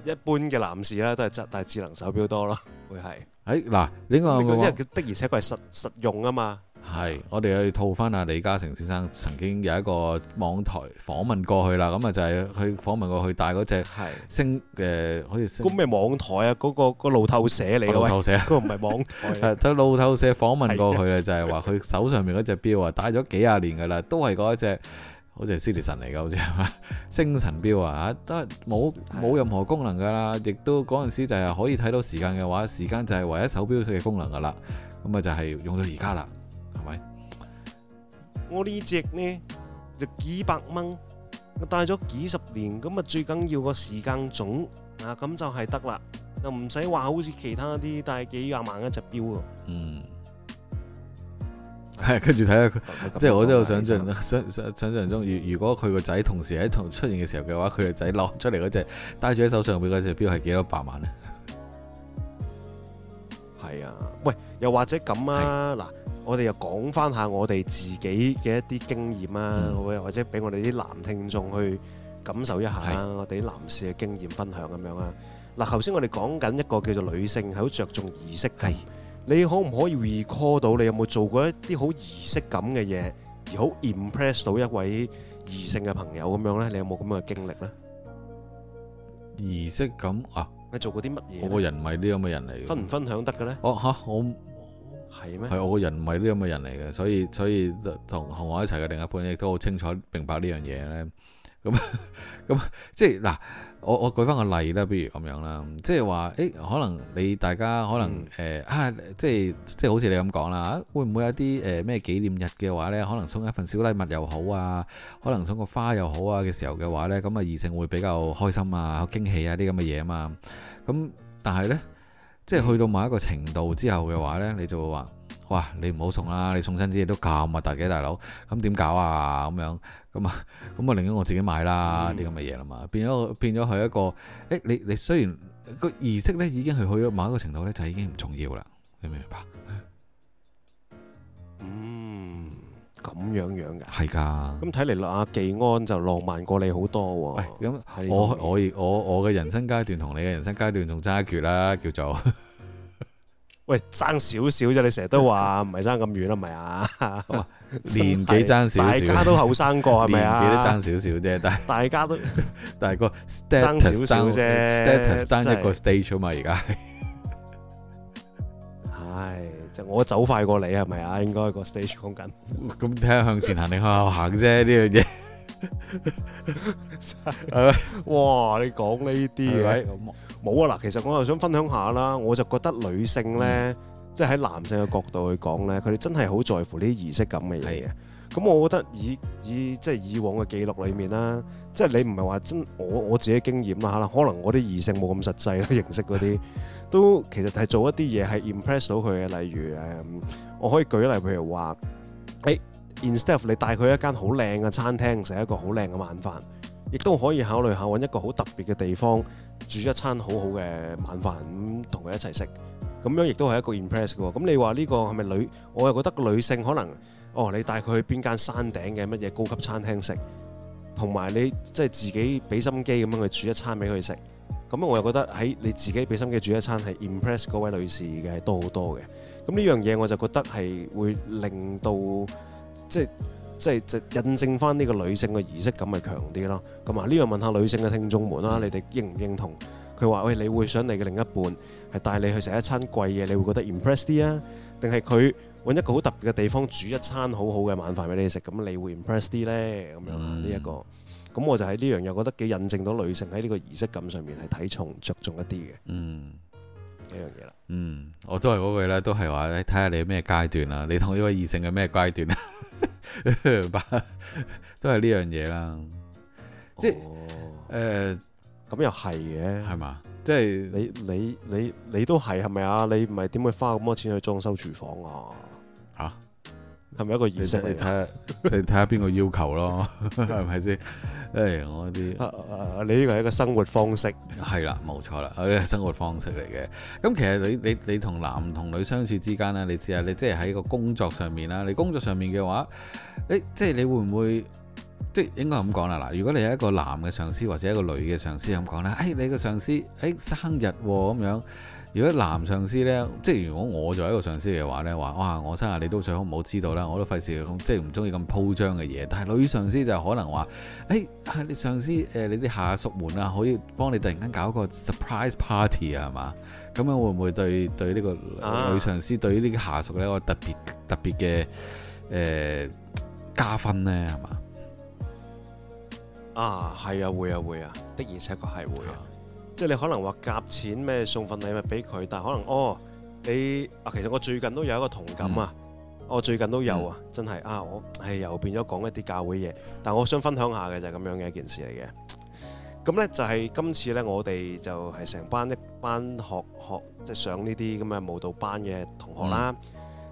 一般嘅男士咧都係戴智能手錶多咯，會係。誒嗱、哎，呢個即係的而且確係實實用啊嘛。係，我哋去套翻阿李嘉誠先生曾經有一個網台訪問過去啦，咁啊就係佢訪問過去戴嗰隻星誒是、呃，好似。嗰咩網台啊？嗰、嗰個、嗰個路透社嚟嘅、哦、路透社。佢唔係網台，啊。係， 路透社訪問過佢咧， 就係話佢手上面嗰隻錶啊，戴咗幾廿年嘅啦，都係嗰一隻。好似係司徒神嚟噶，好似係星辰表啊，都係冇冇任何功能噶啦，亦都嗰陣時就係可以睇到時間嘅話，時間就係唯一手表嘅功能噶啦。咁啊，就係用到而家啦，係咪？我隻，呢隻呢就幾百蚊，我戴咗幾十年，咁啊最緊要個時間準啊，咁就係得啦，又唔使話好似其他啲戴幾廿萬一隻表啊，嗯。係，跟住睇下佢，即係這樣 我都喺度想象、想想、想象中。如如果佢個仔同時喺同出現嘅時候嘅話，佢個仔攞出嚟嗰隻戴住喺手上邊嗰隻表係幾多百萬咧？係啊，喂，又或者咁啊？嗱是，我哋又講翻下我哋自己嘅一啲經驗啊，嗯、或者俾我哋啲男聽眾去感受一下啊，是我哋啲男士嘅經驗分享咁樣啊。嗱，頭先我哋講緊一個叫做女性係好着重儀式計。你可唔可以 recall 到你有冇做過一啲好儀式感嘅嘢，而好 impress 到一位異性嘅朋友咁樣咧？你有冇咁嘅經歷咧？儀式感啊，你做過啲乜嘢？我個人唔係呢啲咁嘅人嚟嘅。分唔分享得嘅咧？哦嚇，我係咩？係我個人唔係呢啲咁嘅人嚟嘅，所以所以同同我一齊嘅另一半亦都好清楚明白呢樣嘢咧。咁咁即係嗱。我我舉翻個例啦，不如咁樣啦，即係話，誒可能你大家可能誒、呃、啊，即係即係好似你咁講啦，會唔會有啲誒咩紀念日嘅話呢？可能送一份小禮物又好啊，可能送個花又好啊嘅時候嘅話呢，咁啊異性會比較開心啊、驚喜啊啲咁嘅嘢啊嘛。咁但係呢，即係去到某一個程度之後嘅話呢，你就會話。哇！你唔好送啦，你送親啲嘢都咁核突嘅大佬，咁點搞啊？咁樣咁啊，咁啊，寧願我自己買啦啲咁嘅嘢啦嘛，變咗變咗係一個，誒、欸，你你雖然個儀式咧已經係去咗某一個程度咧，就已經唔重要啦，你明唔明白？嗯，咁樣樣嘅，係噶的，咁睇嚟阿季安就浪漫過你好多喎。咁、欸、我我我我嘅人生階段同你嘅人生階段仲差距啦，叫做。 喂，爭少少啫，你成日都話唔係爭咁遠啦，咪啊、哦， 是年紀爭少少，大家都後生過係咪啊？年紀都爭少少啫，但大家都，都點點，但係個 status 爭少少啫，status 爭一個 stage 嘛，而家係，係就是、我走快過你係咪啊？應該個 stage 講緊，咁睇向前行定 向後行啫，呢樣嘢。 哇！你講呢啲，冇啊嗱。其實我又想分享下啦，我就覺得女性咧，嗯、即係喺男性嘅角度去講咧，佢哋真係好在乎呢啲儀式感嘅嘢嘅。咁的我覺得以以即係以往嘅記錄裏面啦，即係你唔係話真我我自己經驗啊，可能我啲異性冇咁實際咯，認識嗰啲都其實係做一啲嘢係 impress 到佢嘅。例如誒，我可以舉例，譬如話誒。欸 Instead 你帶佢一間好靚嘅餐廳食一個好靚嘅晚飯，亦都可以考慮下揾一個好特別嘅地方煮一餐好好嘅晚飯咁同佢一齊食，咁樣亦都係一個 impress 嘅。咁、嗯、你話呢個係咪女？我又覺得女性可能哦，你帶佢去邊間山頂嘅乜嘢高級餐廳食，同埋你即係、就是、自己俾心機咁樣去煮一餐俾佢食，咁、嗯、我又覺得喺你自己俾心機煮一餐係 impress 嗰位女士嘅多好多嘅。咁、嗯、呢樣嘢我就覺得係會令到。即係即係即印證翻呢個女性嘅儀式感係強啲咯，咁啊呢樣問下女性嘅聽眾們啦、啊，你哋認唔認同佢話喂，你會想你嘅另一半係帶你去食一餐貴嘢，你會覺得 impress 啲啊？定係佢揾一個好特別嘅地方煮一餐好好嘅晚飯俾你食，咁你會 impress 啲呢？咁樣呢、嗯、一個，咁我就喺呢樣又覺得幾印證到女性喺呢個儀式感上面係睇重着重一啲嘅，嗯，呢樣嘢啦，嗯，我都係嗰句咧，都係話睇下你咩階段啦，你同呢位異性係咩階段啊？ 都係呢樣嘢啦，即係誒，咁、哦呃、又係嘅，係嘛？即、就、係、是，你你你你都係係咪啊？你唔係點會花咁多錢去裝修廚房啊？吓、啊？係咪一個意識你睇下，即係睇下邊個要求咯，係咪先？誒、 哎，我啲、啊啊，你呢個係一個生活方式，係啦， 冇錯啦，呢個生活方式嚟嘅。咁、嗯、其實你你你同男同女相處之間咧，你知啊？你即係喺個工作上面啦，你工作上面嘅話，誒，即係你會唔會，即係應該咁講啦嗱？如果你係一個男嘅上司或者一個女嘅上司咁講咧，誒、哎，你嘅上司誒、哎、生日喎、哦、咁樣。如果男上司呢，即係如果我作為一個上司嘅話呢，話哇，我生日你都最好唔好知道啦，我都費事咁，即係唔中意咁鋪張嘅嘢。但係女上司就可能話，誒、欸，你上司誒、呃，你啲下屬們啊，可以幫你突然間搞個 surprise party 啊，係嘛？咁樣會唔會對對呢個女上司對於呢啲下屬呢一個特別特別嘅誒加分呢？係嘛？啊，係啊，啊，會啊，會啊，的而且確係會啊。即係你可能話夾錢咩送份禮物俾佢，但係可能哦，你啊，其實我最近都有一個同感啊，嗯、我最近都有啊，真係啊，我係又變咗講一啲教會嘢，但係我想分享下嘅就係咁樣嘅一件事嚟嘅。咁呢就係今次呢，我哋就係成班一班學學即係、就是、上呢啲咁嘅舞蹈班嘅同學啦。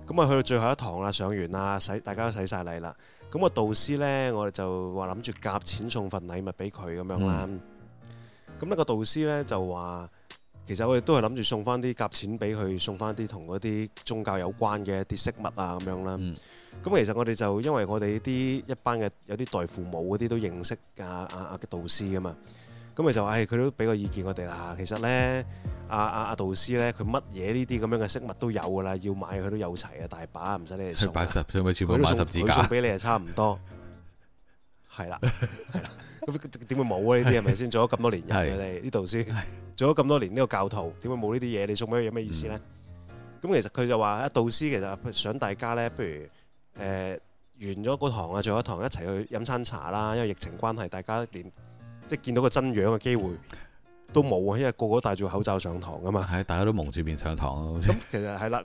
咁啊、嗯、去到最後一堂啦，上完啦，使大家都使晒禮啦。咁、那、啊、個、導師呢，我哋就話諗住夾錢送份禮物俾佢咁樣啦。嗯咁一個導師咧就話，其實我哋都係諗住送翻啲夾錢俾佢，送翻啲同嗰啲宗教有關嘅一啲飾物啊咁樣啦。咁其實我哋就因為我哋啲一班嘅有啲代父母嗰啲都認識阿阿阿嘅導師噶嘛。咁咪就話唉，佢都俾個意見我哋啦。其實咧，阿阿阿導師咧，佢乜嘢呢啲咁樣嘅飾物都有噶啦，要買佢都有齊啊，大把，唔使你哋送。佢擺十，佢咪全部擺十字架俾你啊，差唔多。係啦，係啦。點會冇啊？呢啲係咪先做咗咁多年人，哋呢導師做咗咁多年呢、呢個教徒，點會冇呢啲嘢？你送俾佢有咩意思咧？咁、嗯、其實佢就話啊，導師其實想大家咧，不如誒完咗個堂啊，做咗堂一齊去飲餐茶啦。因為疫情關係，大家點即係見到個真樣嘅機會都冇啊，因為個個戴住口罩上堂啊嘛。係，大家都蒙住面上堂啊。咁其實係啦，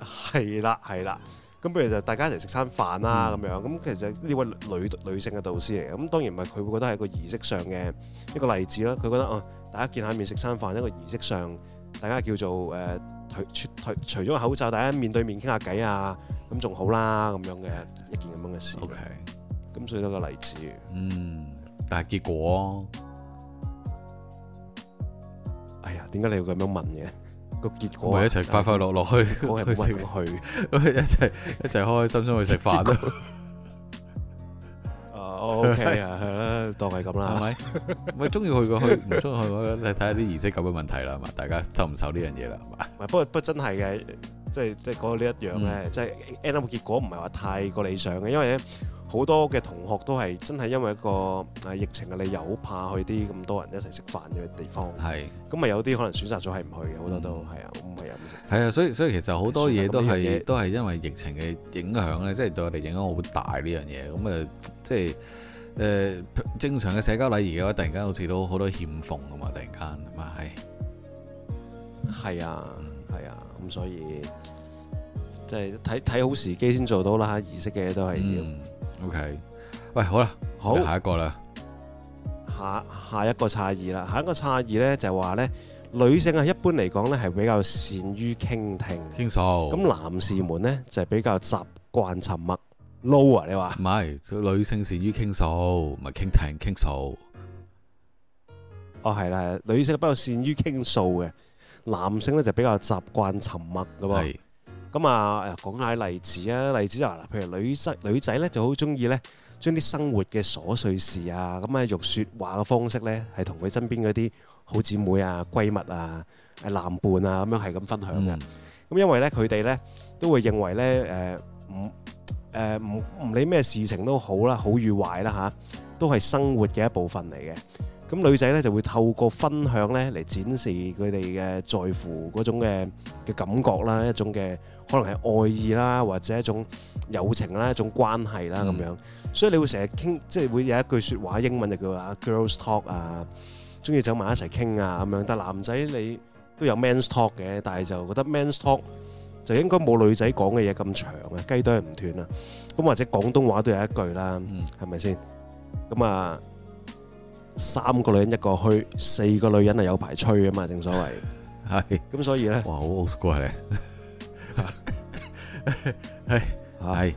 係啦，係啦。咁不如就大家一齊食餐飯啦。咁、嗯、樣，咁其實呢位女女性嘅導師嚟嘅，咁當然唔係佢會覺得係一個儀式上嘅一個例子囉，佢覺得哦、呃，大家見下面食餐飯，一個儀式上，大家叫做誒除、呃、除咗個口罩，大家面對面傾下偈啊，咁仲好啦，咁樣嘅一件咁樣嘅事。O K，咁所以都個例子。嗯，但係結果，哎呀，點解你要咁樣問嘅？個結果，一齊快快樂樂去去食去，去 一齊一齊開開心心去食飯咯。啊，O K 啊，吧當係咁啦， 係咪？喂，中意去個去，唔中意去，你睇下啲儀式感嘅問題啦，係嘛？大家受唔受呢樣嘢啦，係嘛？ 不過不過真係嘅，即係即係講到呢一樣咧，即係 end up 結果唔係話太過理想嘅，因為咧。好多嘅同學都係真係因為一個誒疫情嘅理由，好怕去啲咁多人一齊食飯嘅地方。係是，咁咪有啲可能選擇咗係唔去嘅好、嗯、多都係啊，唔係有。係啊，所以所以其實好多嘢都係都係因為疫情嘅影響咧，即係對我哋影響好大呢樣嘢。咁啊，即係誒、呃、正常嘅社交禮儀嘅話，突然間好似都好多欠奉啊嘛，突然間係咪係？係、嗯、啊，係啊，咁、嗯啊啊、所以即係睇睇好時機先做到啦。儀式嘅嘢都係要。嗯 O、okay. K，喂，好啦，好下一個啦，下下一個差異啦，下一個差異咧就係話咧，女性係一般嚟講咧係比較善於傾聽傾訴，咁聽男士們咧、嗯、就係比較習慣沉默 low 啊，no? 你話唔係，女性善於傾訴，唔係傾聽傾訴，傾傾哦係啦，女性比較善於傾訴嘅，男性咧就比較習慣沉默噶噃。咁啊，講下例子啊，例子啊，嗱、啊，譬如女，女生女仔咧，就好中意咧，將啲生活嘅瑣碎事啊，咁啊，用説話嘅方式咧，係同佢身邊嗰啲好姊妹啊、閨蜜啊、誒男伴啊咁樣係咁分享嘅。咁、嗯、因為咧，佢哋咧都會認為咧，誒唔誒唔唔理咩事情都好啦，好與壞啦、啊、嚇、啊，都係生活嘅一部分嚟嘅。咁女仔咧就會透過分享咧嚟展示佢哋嘅在乎嗰種嘅嘅感覺啦，一種嘅可能係愛意啦，或者一種友情啦，一種關係啦咁樣。所以你會成日傾，即係會有一句説話，英文就叫啊 Girls Talk 啊，鍾意走埋一齊傾啊咁樣。但男仔你都有 man talk 嘅，但係就覺得 man talk 就應該冇女仔講嘅嘢咁長啊，雞啄唔斷啊。咁或者廣東話都有一句啦，係咪先？咁啊。三個女人一個虛，四個女人係有排吹啊嘛，正所謂係，咁所以咧哇好古怪咧，係係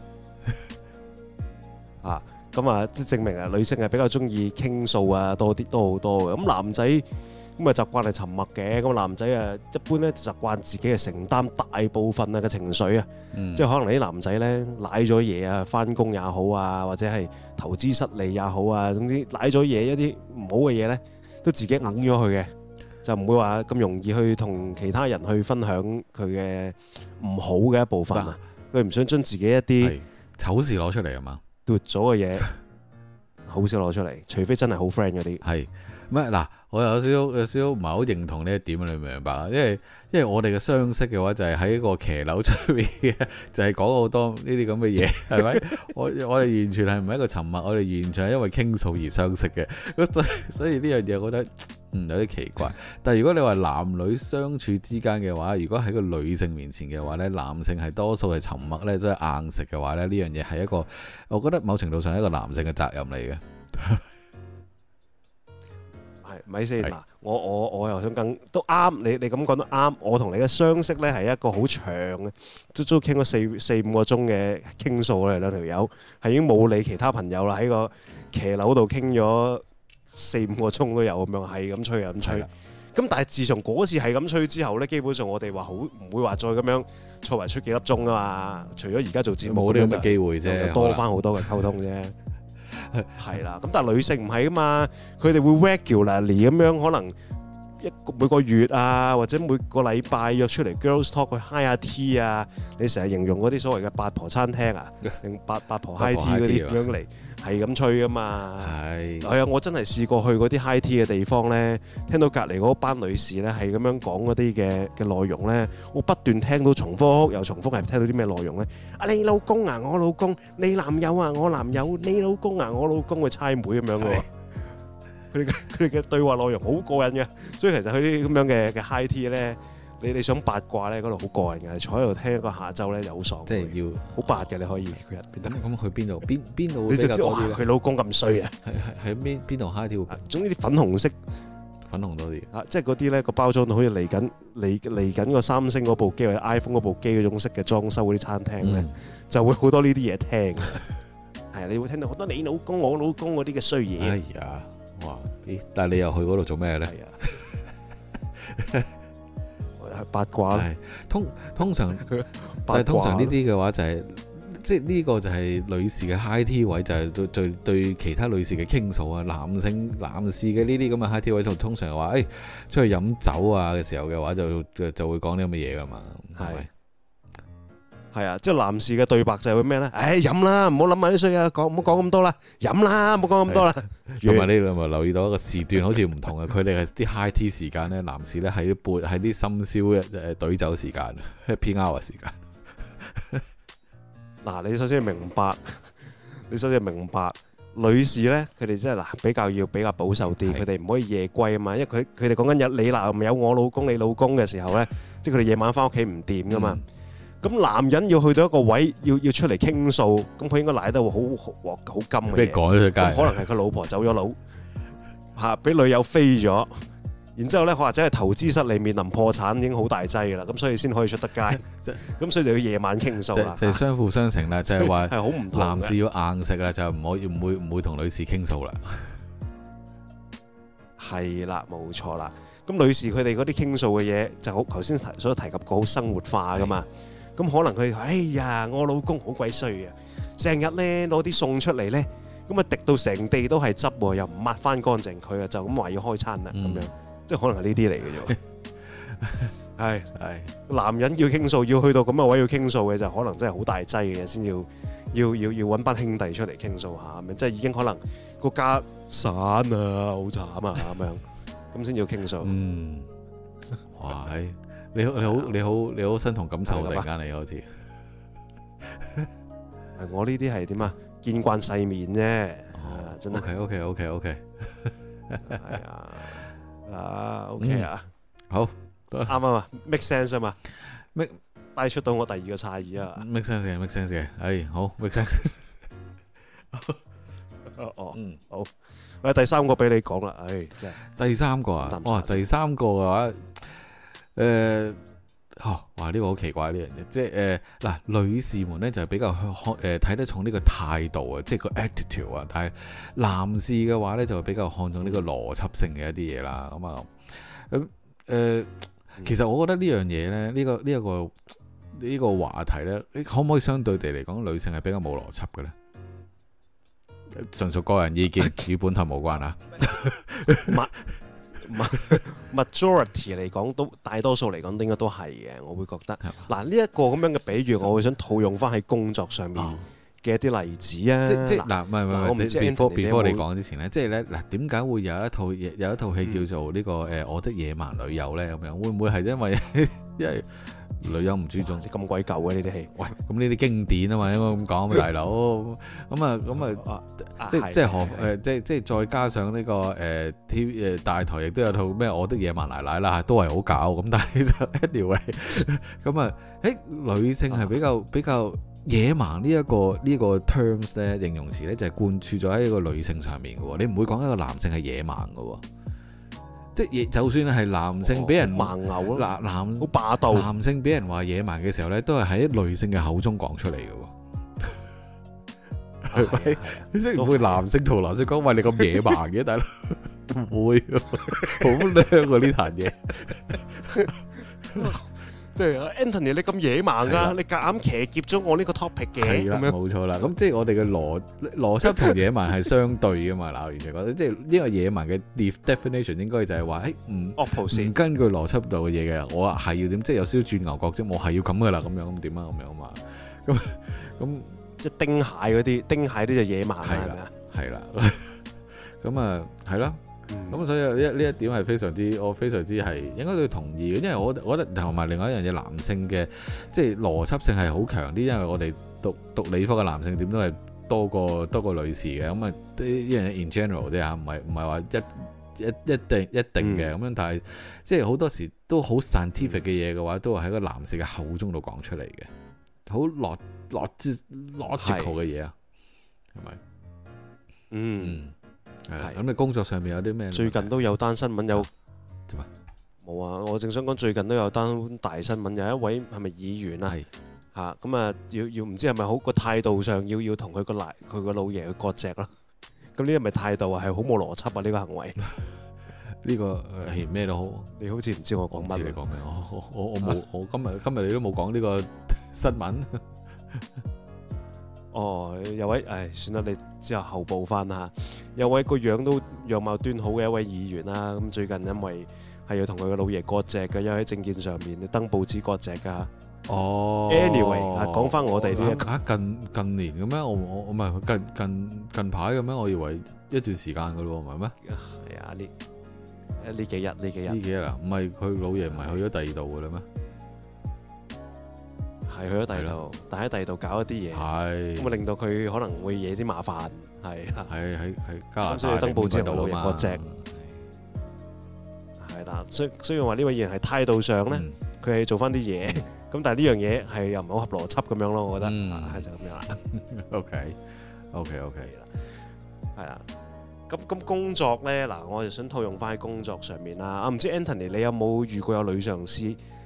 啊，咁啊即係證明啊，女性係比較中意傾訴啊多啲都好多嘅，咁男仔。咁啊，習慣係沉默嘅。咁男仔啊，一般咧習慣自己係承擔大部分啊嘅情緒啊，即係可能啲男仔咧瀨咗嘢啊，翻工也好啊，或者係投資失利也好啊，總之瀨咗嘢一啲唔好嘅嘢咧，都自己揞咗佢嘅，就唔會話咁容易去同其他人去分享佢嘅唔好嘅一部分啊。佢唔想將自己一啲醜事攞出嚟啊嘛，奪咗嘅嘢好少攞出嚟，除非真係好 friend 嗰啲。係。唔嗱、啊，我有少少有少少唔係好認同呢一點，你明白？因為因為我哋嘅相識嘅話就係喺一個騎樓出面嘅，就係講好多呢啲咁嘅嘢，係咪？ 我我哋完全係唔係一個沉默，我哋完全係因為傾訴而相識嘅。 所以呢樣嘢，我覺得有啲奇怪。但係如果你話男女相處之間嘅話，如果喺個女性面前嘅話咧，男性係多數係沉默呢，都係硬食嘅話咧，呢樣嘢係一個，我覺得某程度上係一個男性嘅責任嚟嘅。 咪先嗱，我我我又想更都啱，你你咁講都啱。我同你嘅相識咧係一個好長嘅，足足傾咗四四五個鐘嘅傾訴啦，兩條友係已經冇理其他朋友啦，喺個騎樓度傾咗四五個鐘都有咁樣，係咁吹啊咁吹。咁的但係自從嗰次係咁吹之後咧，基本上我哋話好唔會話再咁樣坐埋出幾粒鐘啊嘛。除咗而家做節目，冇啲咁嘅機會啫，多翻好多嘅溝通啫。 係啦，咁 但係女性唔係吖嘛，佢哋會 regularly 咁樣可能。一個每個月啊，或者每個禮拜約出嚟 Girls Talk 去 high 下 tea 啊，你成日形容嗰啲所謂嘅八婆餐廳啊，定八八婆 high tea 嗰啲咁樣嚟，係咁吹噶嘛？係係啊，我真係試過去嗰啲 high tea 嘅地方咧，聽到隔離嗰班女士咧係咁樣講嗰啲嘅嘅內容咧，我不斷聽到重複，又重複係聽到啲咩內容咧？啊，你老公啊，我老公，你男友啊，我男友，你老公啊，我老公嘅差妹咁樣嘅喎。佢哋嘅對話內容好過癮嘅，所以其實佢啲咁樣嘅嘅 high tea 咧，你你想八卦咧，嗰度好過癮嘅，坐喺度聽個下晝咧又好爽，即係要好白嘅你可以。佢咁咁去邊度？邊邊度？嗯嗯嗯嗯嗯、你就知、嗯嗯嗯、哇！佢、嗯、老公咁衰啊！係係係邊邊度 high tea？啊、總之啲粉紅色粉紅多啲嚇、啊，即係嗰啲咧個包裝好似嚟緊嚟嚟緊個三星嗰部機或者 iPhone 嗰部機嗰種式嘅裝修嗰啲餐廳咧，嗯、就會好多呢啲嘢聽。係、嗯、 你會聽到好多你老公、我老公嗰啲嘅衰嘢。哎呀哇！咦？但係你又去嗰度做咩咧？我又係八卦。 通通常，卦但係通常呢啲嘅話就係、是，即係呢個就係女士嘅 high tea 位，就係、是、對對其他女士嘅傾訴啊。男性男士嘅呢啲咁嘅 high tea 位度，通常話誒、哎、出去飲酒啊嘅時候嘅話就，就就會講啲咁嘅嘢㗎嘛，係是係啊，即係男士嘅對白就係會咩咧？唉，飲啦，唔好諗埋啲衰嘢，講唔好講咁多啦，飲啦，唔好講咁多啦。同埋你咪留意到一個時段好似唔同啊，佢哋係啲 high tea 時間咧，男士咧喺啲半夜喺啲深宵誒醉酒時間，一 p hour 時間。嗱，你首先要明白，你首先要明白，女士咧佢哋真係嗱比較要比較保守啲，佢哋唔可以夜歸啊嘛，因為佢佢哋講緊有你嗱唔有我老公你老公嘅時候咧，即係佢哋夜晚翻屋企唔掂噶嘛。咁男人要去到一個位，要要出嚟傾訴，咁佢應該瀨得好好金嘅嘢，俾佢改出街，可能係佢老婆走咗佬吓，俾女友飛咗，然之後咧或者係投資失利，面臨破產已經好大劑噶啦，咁所以先可以出得街。咁所以就要夜晚傾訴啦，就係相輔相成啦， 就係話係好唔同。男士要硬食啦，就唔可以唔會唔會同女士傾訴啦。係啦，冇錯啦。咁女士佢哋嗰啲傾訴嘅嘢，就頭先所提及過，好生活化噶嘛。咁可能佢，哎呀，我老公好鬼衰啊！成日咧攞啲餸出嚟咧，咁啊滴到成地都係汁喎，又唔抹翻乾淨佢啊，就咁話要開餐啦咁樣，即係可能係呢啲嚟嘅啫。係係，男人要傾訴，要去到咁嘅位要傾訴嘅就可能真係好大劑嘅嘢，先要要要要搵班兄弟出嚟傾訴下，咁即係已經可能個家散啊，好慘啊咁樣，咁先要傾訴。嗯，哇係。你好，你好，你好，你好，身同感受突然間，你好似，我呢啲係點啊？見慣世面啫。哦，真係 OK，OK，OK，OK。係啊，啊 OK 啊，好啱啱啊，make sense 啊嘛，make 帶出到我第二個詫異啊，make sense，make sense，哎，好，make sense。哦，嗯，好，我第三個俾你講啦，哎，真係。第三個啊，哇，第三個嘅話。誒、呃，哇！呢、這個好奇怪呢樣嘢，即係誒，嗱、呃呃，女士們呢，就比較看誒睇、呃、得重呢個態度啊，即係個 attitude 啊，但係男士嘅話呢，就比較看重呢個邏輯性嘅一啲嘢啦，咁、嗯、啊，咁、呃、誒，其實我覺得呢樣嘢呢，呢、這個呢一、這個呢、這個話題咧，可唔可以相對地嚟講，女性係比較冇邏輯嘅呢？純屬個人意見，與 本台無關啦、啊。 majority 嚟講，都大多數嚟講，應該都係嘅。我會覺得，嗱呢一個咁樣嘅比喻，我會想套用翻喺工作上面嘅一啲例子啊。即即嗱，唔係唔係 before before 你講之前咧，即係咧嗱，點解會有一套有一套戲叫做呢個誒我的野蠻女友咧？咁樣會唔會係因為因為？女人唔注重，咁鬼舊嘅呢啲戲，喂，咁呢啲經典啊嘛，應該咁講啊嘛，大佬，咁啊， 咁啊， 即係即係何，誒， 即係即係再加上呢、這個誒、uh,，TV 誒、uh, 大台亦都有套咩《我的野蠻奶奶》啦，都係好搞，咁但係就 Anyway，咁啊，誒、 嗯哎，女性係比較比較野蠻、這個這個、呢一個呢個 terms 咧，形容詞咧，就係、是、貫注咗喺一個女性上面嘅，你唔會講一個男性係野蠻嘅。即係，就算係男性俾人、哦、盲牛、啊男，男好霸道，男性俾人話野蠻嘅時候咧，都係喺女性嘅口中講出嚟嘅喎。係咪 是？你識唔會男性同男性講喂，你咁野蠻嘅大佬？唔會，好靚啊呢壇嘢。」即係 Anthony，你咁野蠻啊！的你夾硬騎劫咗我呢個 topic 嘅，冇的錯啦。咁即係我哋嘅邏邏輯同野蠻係相對嘅嘛。嗱，完全覺得，即係呢個野蠻嘅 definition 應該就係話，唔、欸、唔 Opp ose. 根據邏輯度嘅嘢嘅，我係要點？即係有少少轉牛角色，我係要咁嘅啦。咁樣咁點啊？咁樣嘛？咁咁即係丁蟹嗰啲，丁蟹呢就野蠻係咪啊？係啦的，咁啊，係啦。 咁、嗯、所以呢呢一,一點係非常之我非常之係應該都同意嘅，因為我覺得同埋另外一樣嘢，男性嘅即係邏輯性係好強啲，因為我哋讀讀理科嘅男性點都係多過多過女士嘅，咁啊呢呢樣嘢 in general 啫、啊、嚇，唔係唔係話一一一,一定一定嘅咁樣，嗯、但係即係好多時都好 scientific 嘅嘢嘅話，都係喺個男性嘅口中度講出嚟嘅，好落落之 logical 嘅嘢啊，係咪是？吧嗯。嗯。係，咁你、嗯嗯、工作上面有啲咩？最近都有單新聞有，冇麼啊？我正想講最近都有單大新聞，有一位係咪議員啊？係的，吓咁啊，嗯、要要唔知係咪好個態度上要要同佢個奶佢個老爺去割席咯？咁呢個咪態度啊，係好冇邏輯啊？呢個行為，呢、 這個係咩、呃、都好，你好似唔知我講乜？唔知你講咩？我我我冇，我今日今日你都冇講呢個新聞。 哦，有位誒，哎，算啦，你之後後報翻啦。有位個樣都樣貌端好嘅一位議員啦，咁最近因為係要同佢嘅老爺割席嘅，因為喺政見上面登報紙割席噶。哦，anyway，講翻我哋呢個近近年嘅咩？我我唔係近近近排嘅咩？我以為一段時間嘅咯，唔係咩？係，哎，啊，呢呢幾日呢幾日？呢幾日啊？唔係佢老爺唔係去咗第二度嘅啦咩？係去咗第二度，但喺第二度搞一啲嘢，咁啊令到佢可能會惹啲麻煩，係啦。係喺喺加拿大登報之後，老人骨折，係啦。雖雖然話呢位人係態度上咧，佢係做翻啲嘢，咁但係呢樣嘢係又唔係好合邏輯咁樣咯，我覺得，係就咁樣啦。OK，OK，OK 啦，係啊，咁咁工作咧嗱，我就想套用翻喺工作上面啦。啊，唔知 Anthony 你有冇遇過有女上司？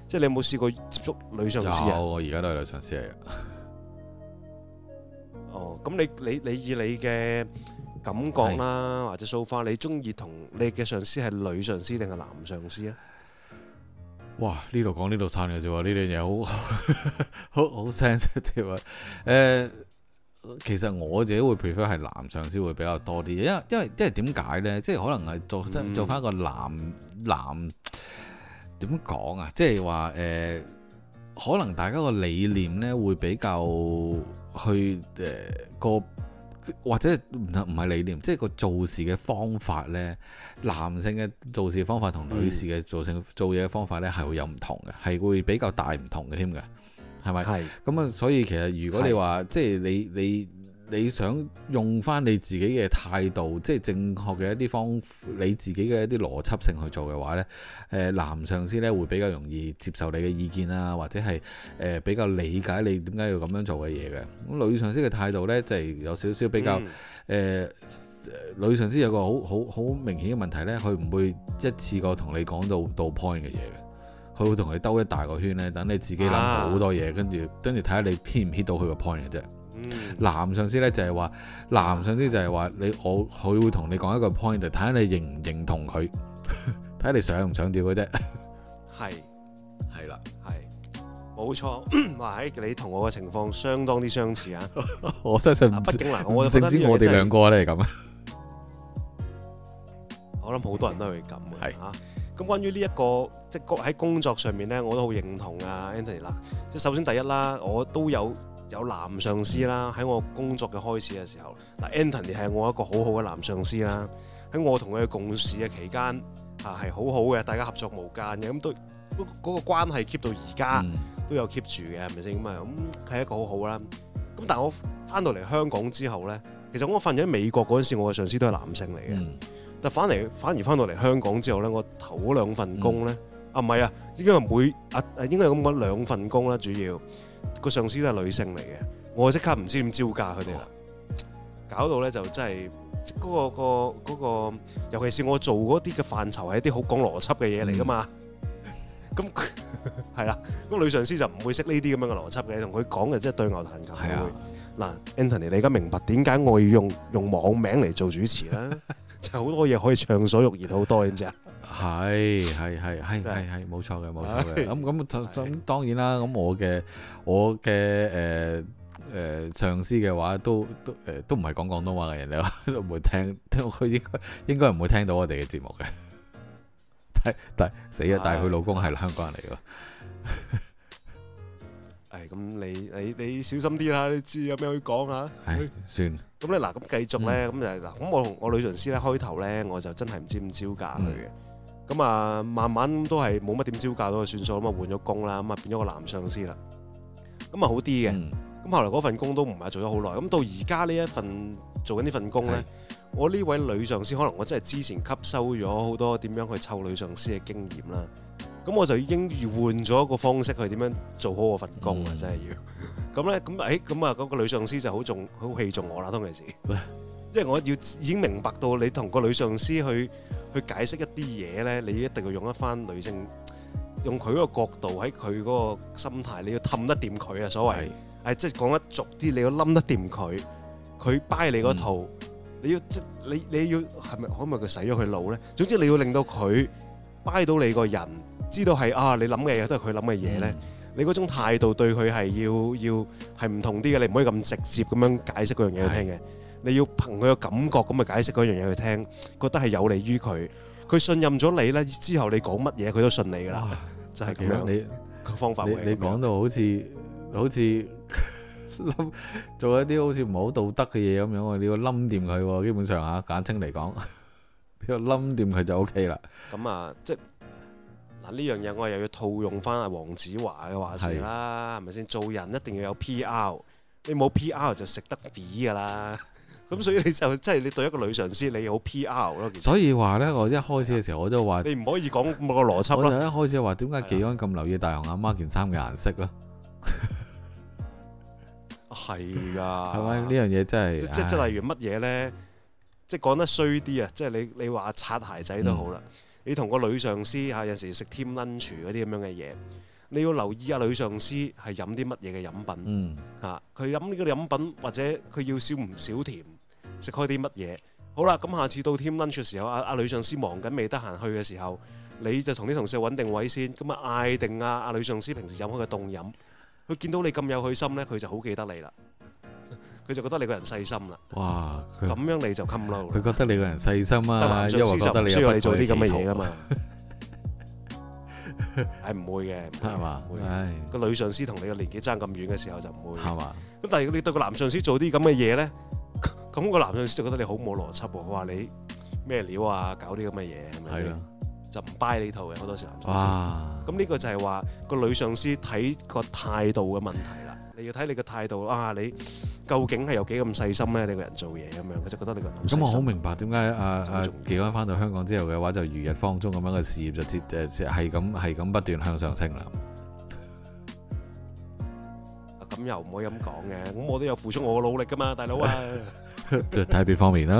即係你有冇試過接觸女上司啊？有，我而家都係女上司嚟嘅。哦，咁你你你，你以你嘅感覺啦，是或者做、so、化你中意同你嘅上司係女上司定係男上司 啊？哇！呢度講呢度撐嘅啫喎，呢段嘢好好好 sensitive。誒，其實我自己會 prefer 係男上司會比較多啲，因為因為因為點解咧？即係可能係做真、嗯、做翻一個男男。點講啊？即係話誒，可能大家個理念咧會比較去誒、呃、個，或者唔係理念，即係個做事嘅方法呢，男性嘅做事方法同女士嘅做事、嗯、做嘢嘅方法呢係會有唔同嘅，係會比較大唔同嘅添嘅，係咪？係是。咁啊，所以其實如果你話是即係你你。你你想用翻你自己嘅態度，即係正確嘅一啲方法，你自己嘅一啲邏輯性去做嘅話呢，誒男上司呢，會比較容易接受你嘅意見啊，或者係誒比較理解你點解要咁樣做嘅嘢嘅。咁女上司嘅態度呢，就係有少少比較誒、嗯呃，女上司有個好好好明顯嘅問題呢，佢唔會一次過同你講到到 point 嘅嘢嘅，佢會同你兜一大個圈呢，等你自己諗好多嘢、啊，跟住跟住睇下你 hit 唔 hit 到佢個 point 嘅啫。嗯、男上司咧就係話，男上司就係話你我佢會同你講一個 point，睇下你認唔認同佢，睇下你想唔想調嘅啫。係，係啦，係，冇錯，話喺 你同我嘅情況相當之相似啊。 我相信，畢竟男，我知我哋兩個咧係咁啊。我諗好多人都係咁係啊。咁關於呢一個即係喺工作上面咧，我都好認同啊，Anthony 啦。即係首先第一啦，我都有。有男上司啦，喺我工作嘅開始嘅時候，嗱 Antony 係我一個好好嘅男上司啦，喺我同佢嘅共事嘅期間，嚇係好好嘅，大家合作無間嘅，咁都嗰嗰、嗰個關係 keep 到而家都有 keep 住嘅，係咪先咁啊？咁係一個好好啦。咁但係我翻到嚟香港之後咧，其實我翻咗喺美國嗰陣時，我嘅上司都係男性嚟嘅，嗯、但係翻嚟反而翻到嚟香港之後咧，我頭嗰兩份工咧。嗯嗯啊，唔係啊，應該係每啊，應該係咁講兩份工啦，主要個上司都係女性嚟嘅，我即刻唔知點招架佢哋啦，哦、搞到咧就真係嗰、嗰個、嗰個尤其是我做嗰啲嘅範疇係一啲好講邏輯嘅嘢嚟噶嘛，咁係啦，個、 啊、女上司就唔會識呢啲咁樣嘅邏輯嘅，同佢講嘅真係對牛彈琴。係、嗯、會啊，嗱、啊、Anthony，你而家明白點解我要用用網名嚟做主持啦？ 就好多嘢可以暢所欲言好多，知唔知啊？係係係係係係冇錯嘅冇錯嘅咁咁當然啦咁我嘅我嘅誒誒上司嘅話都都誒都唔係講廣東話嘅人你唔會聽聽佢應該應該唔會聽到我哋嘅節目嘅，但但死啊！但係佢老公係香港人嚟嘅，誒咁你你你小心啲啦！你知有咩可以講啊？唉算咁咧嗱咁繼續咧咁就嗱咁我同我女上司咧開頭咧我就真係唔知點招架佢嘅。咁啊，慢慢都係冇乜點招架到，就算數。咁啊，換咗工啦，咁啊變咗個男上司啦，咁啊好啲嘅。咁、嗯、後來嗰份工都唔係做咗好耐，咁到而家呢一份做緊呢份工咧，是我呢位女上司可能我真係之前吸收咗好多點樣去湊女上司嘅經驗啦，咁我就已經換咗一個方式去點樣做好我份工啊，嗯、真係是要。咁 咧，咁、哎、誒，咁啊嗰個女上司就好重，好器重我啦，當其時。 因為我要已經明白到你同個女上司去。去解釋一啲嘢咧，你一定要用一翻女性，用佢嗰個角度，喺佢嗰個心態是，你要氹得掂佢啊！所謂，誒、嗯，即係講得俗啲，你要冧得掂佢。佢掰你嗰套，你要即係你你要係咪可唔可以佢洗咗佢腦咧？總之你要令到佢掰到你個人，知道係啊，你諗嘅嘢都係佢諗嘅嘢咧。嗯、你嗰種態度對佢係要要係唔同啲嘅，你唔可以咁直接咁樣解釋嗰樣嘢佢聽嘅。你要憑佢嘅感覺咁去解釋嗰樣嘢佢聽，覺得係有利於佢，佢信任咗你咧，之後你講乜嘢佢都信你噶啦，哇就係咁樣。你個方法嚟，你講到好似好似做一啲好似唔係好道德嘅嘢咁樣喎，你要冧掂佢喎，基本上嚇、啊、簡稱嚟講， 你要冧掂佢就 O K 啦。咁啊，即嗱呢樣嘢，我又要套用翻阿黃子華嘅話事啦，係咪先？做人一定要有 P R，你冇 P R 就食得屎噶啦。咁所以你就即係、就是、你對一個女上司，你好 P R 咯。所以話咧，我一開始嘅時候我都話， 你唔可以講咁個邏輯咯。一開始話，點解幾安咁留意大雄阿媽件衫嘅顏色咧？係㗎、啊。係咪呢樣嘢真係即、哎呀？即即例如乜嘢咧？即講得衰啲啊！嗯、即你、嗯、你話擦鞋仔都好啦。你同個女上司嚇、啊、有時食 team lunch 嗰啲咁樣嘅嘢，你要留意下女上司係飲啲乜嘢嘅飲品。嗯。佢飲呢個飲品或者佢要少唔少甜。食開啲乜嘢？好啦，咁下次到 team lunch 嘅時候，阿阿女上司忙緊未得閒去嘅時候，你就同啲同事揾定位先，咁啊嗌定阿阿女上司平時飲開嘅凍飲。佢見到你咁有佢心咧，佢就好記得你啦。佢就覺得你個人細心啦。哇！咁樣你就冚撚。佢覺得你個人細心啊，需要因為得你有份做啲咁嘅嘢啊嘛。係 唔、哎、會嘅，係嘛？唉，個女上司同你嘅年紀爭咁遠嘅時候就唔會。係嘛的？咁但係你對個男上司做啲咁嘅嘢咧？咁個男上司就覺得你好冇邏輯喎，佢話你咩料啊，搞啲咁嘅嘢係咪？就唔 buy 你套嘅，好多時候男上司。咁呢哇個就係話個女上司睇個態度嘅問題啦。你要睇你個態度啊，你究竟係有幾咁細心咧？你個人做嘢咁樣，佢就覺得你個咁。咁我好明白、啊、點解阿阿幾安翻到香港之後嘅話，就如日方中咁樣嘅事業就接係咁係咁不斷向上升啦。咁又唔可以咁講嘅，咁我都有付出我嘅努力噶嘛，大佬啊！ 睇邊方面啦，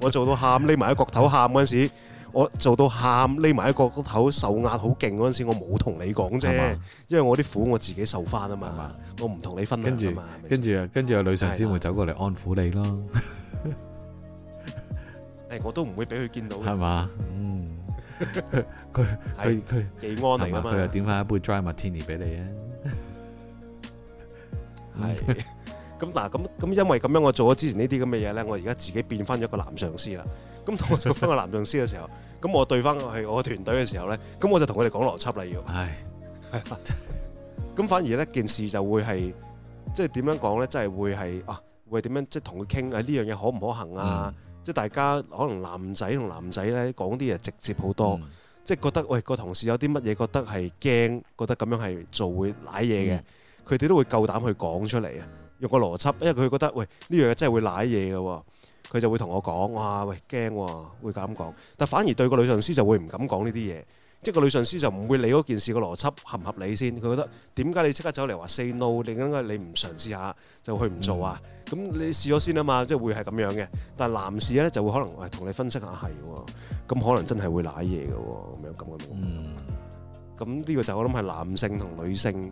我做到喊，匿埋喺角頭喊嗰陣時，我做到喊，匿埋喺角頭受壓好勁嗰陣時，我冇同你講啫，因為我啲苦我自己受翻啊嘛，我唔同你分享，跟住，跟住啊，跟住有女上司會走過嚟安撫你咯，誒，我都唔會俾佢見到，係嘛，嗯，佢佢佢，慰安嚟噶嘛，佢又點翻一杯 dry martini 俾你，係。咁嗱，咁咁，因為咁樣，我做咗之前呢啲咁嘅嘢咧，我而家自己變翻咗一個男上司啦。咁同我做翻個男上司嘅時候，咁我對翻係我團隊嘅時候咧，咁我就同佢哋講邏輯啦。要係咁唉反而呢件事就會係即係點樣講咧，即係會係啊，會點樣即係同佢傾誒呢樣嘢可唔可行啊？嗯、即係大家可能男仔同男仔咧講啲嘢直接好多，嗯、即係覺得喂、個同事有啲乜嘢覺得係驚，覺得咁樣係做會瀨嘢嘅，佢哋、嗯、都會夠膽去講出嚟啊。用個邏輯，因為佢覺得喂，呢樣嘢真係會賴嘢嘅喎，佢就會同我講：哇，喂，驚喎，會咁講。但反而對個女上司就會唔敢講呢啲嘢，即係個女上司就唔會理嗰件事個邏輯合唔合理先。佢覺得點解你即刻走嚟話 say no？你應該你唔嘗試下就去唔做啊？咁你試咗先啊嘛，即係會係咁樣嘅。但係男士咧就會可能係同你分析下係，咁可能真係會賴嘢嘅喎，咁樣咁嘅。嗯，咁呢個就我諗係男性同女性。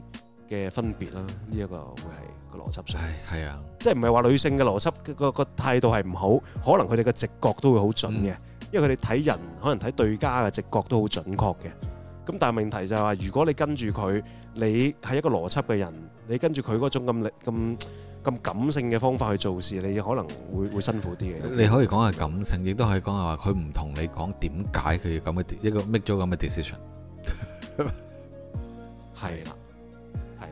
嘅分別啦，呢一個會係個邏輯上係係啊，即係唔係話女性嘅邏輯個個態度係唔好，可能佢哋嘅直覺都會好準嘅，因為佢哋睇人可能睇對家嘅直覺都好準確嘅。咁但係問題就係話，如果你跟住佢，你係一個邏輯嘅人，你跟住佢嗰種咁咁咁感性嘅方法去做事，你可能會會辛苦啲嘅。你可以講係感性，亦都可以講係話佢唔同你講點解佢要咁嘅一個 make 咗咁嘅 decision。係啦。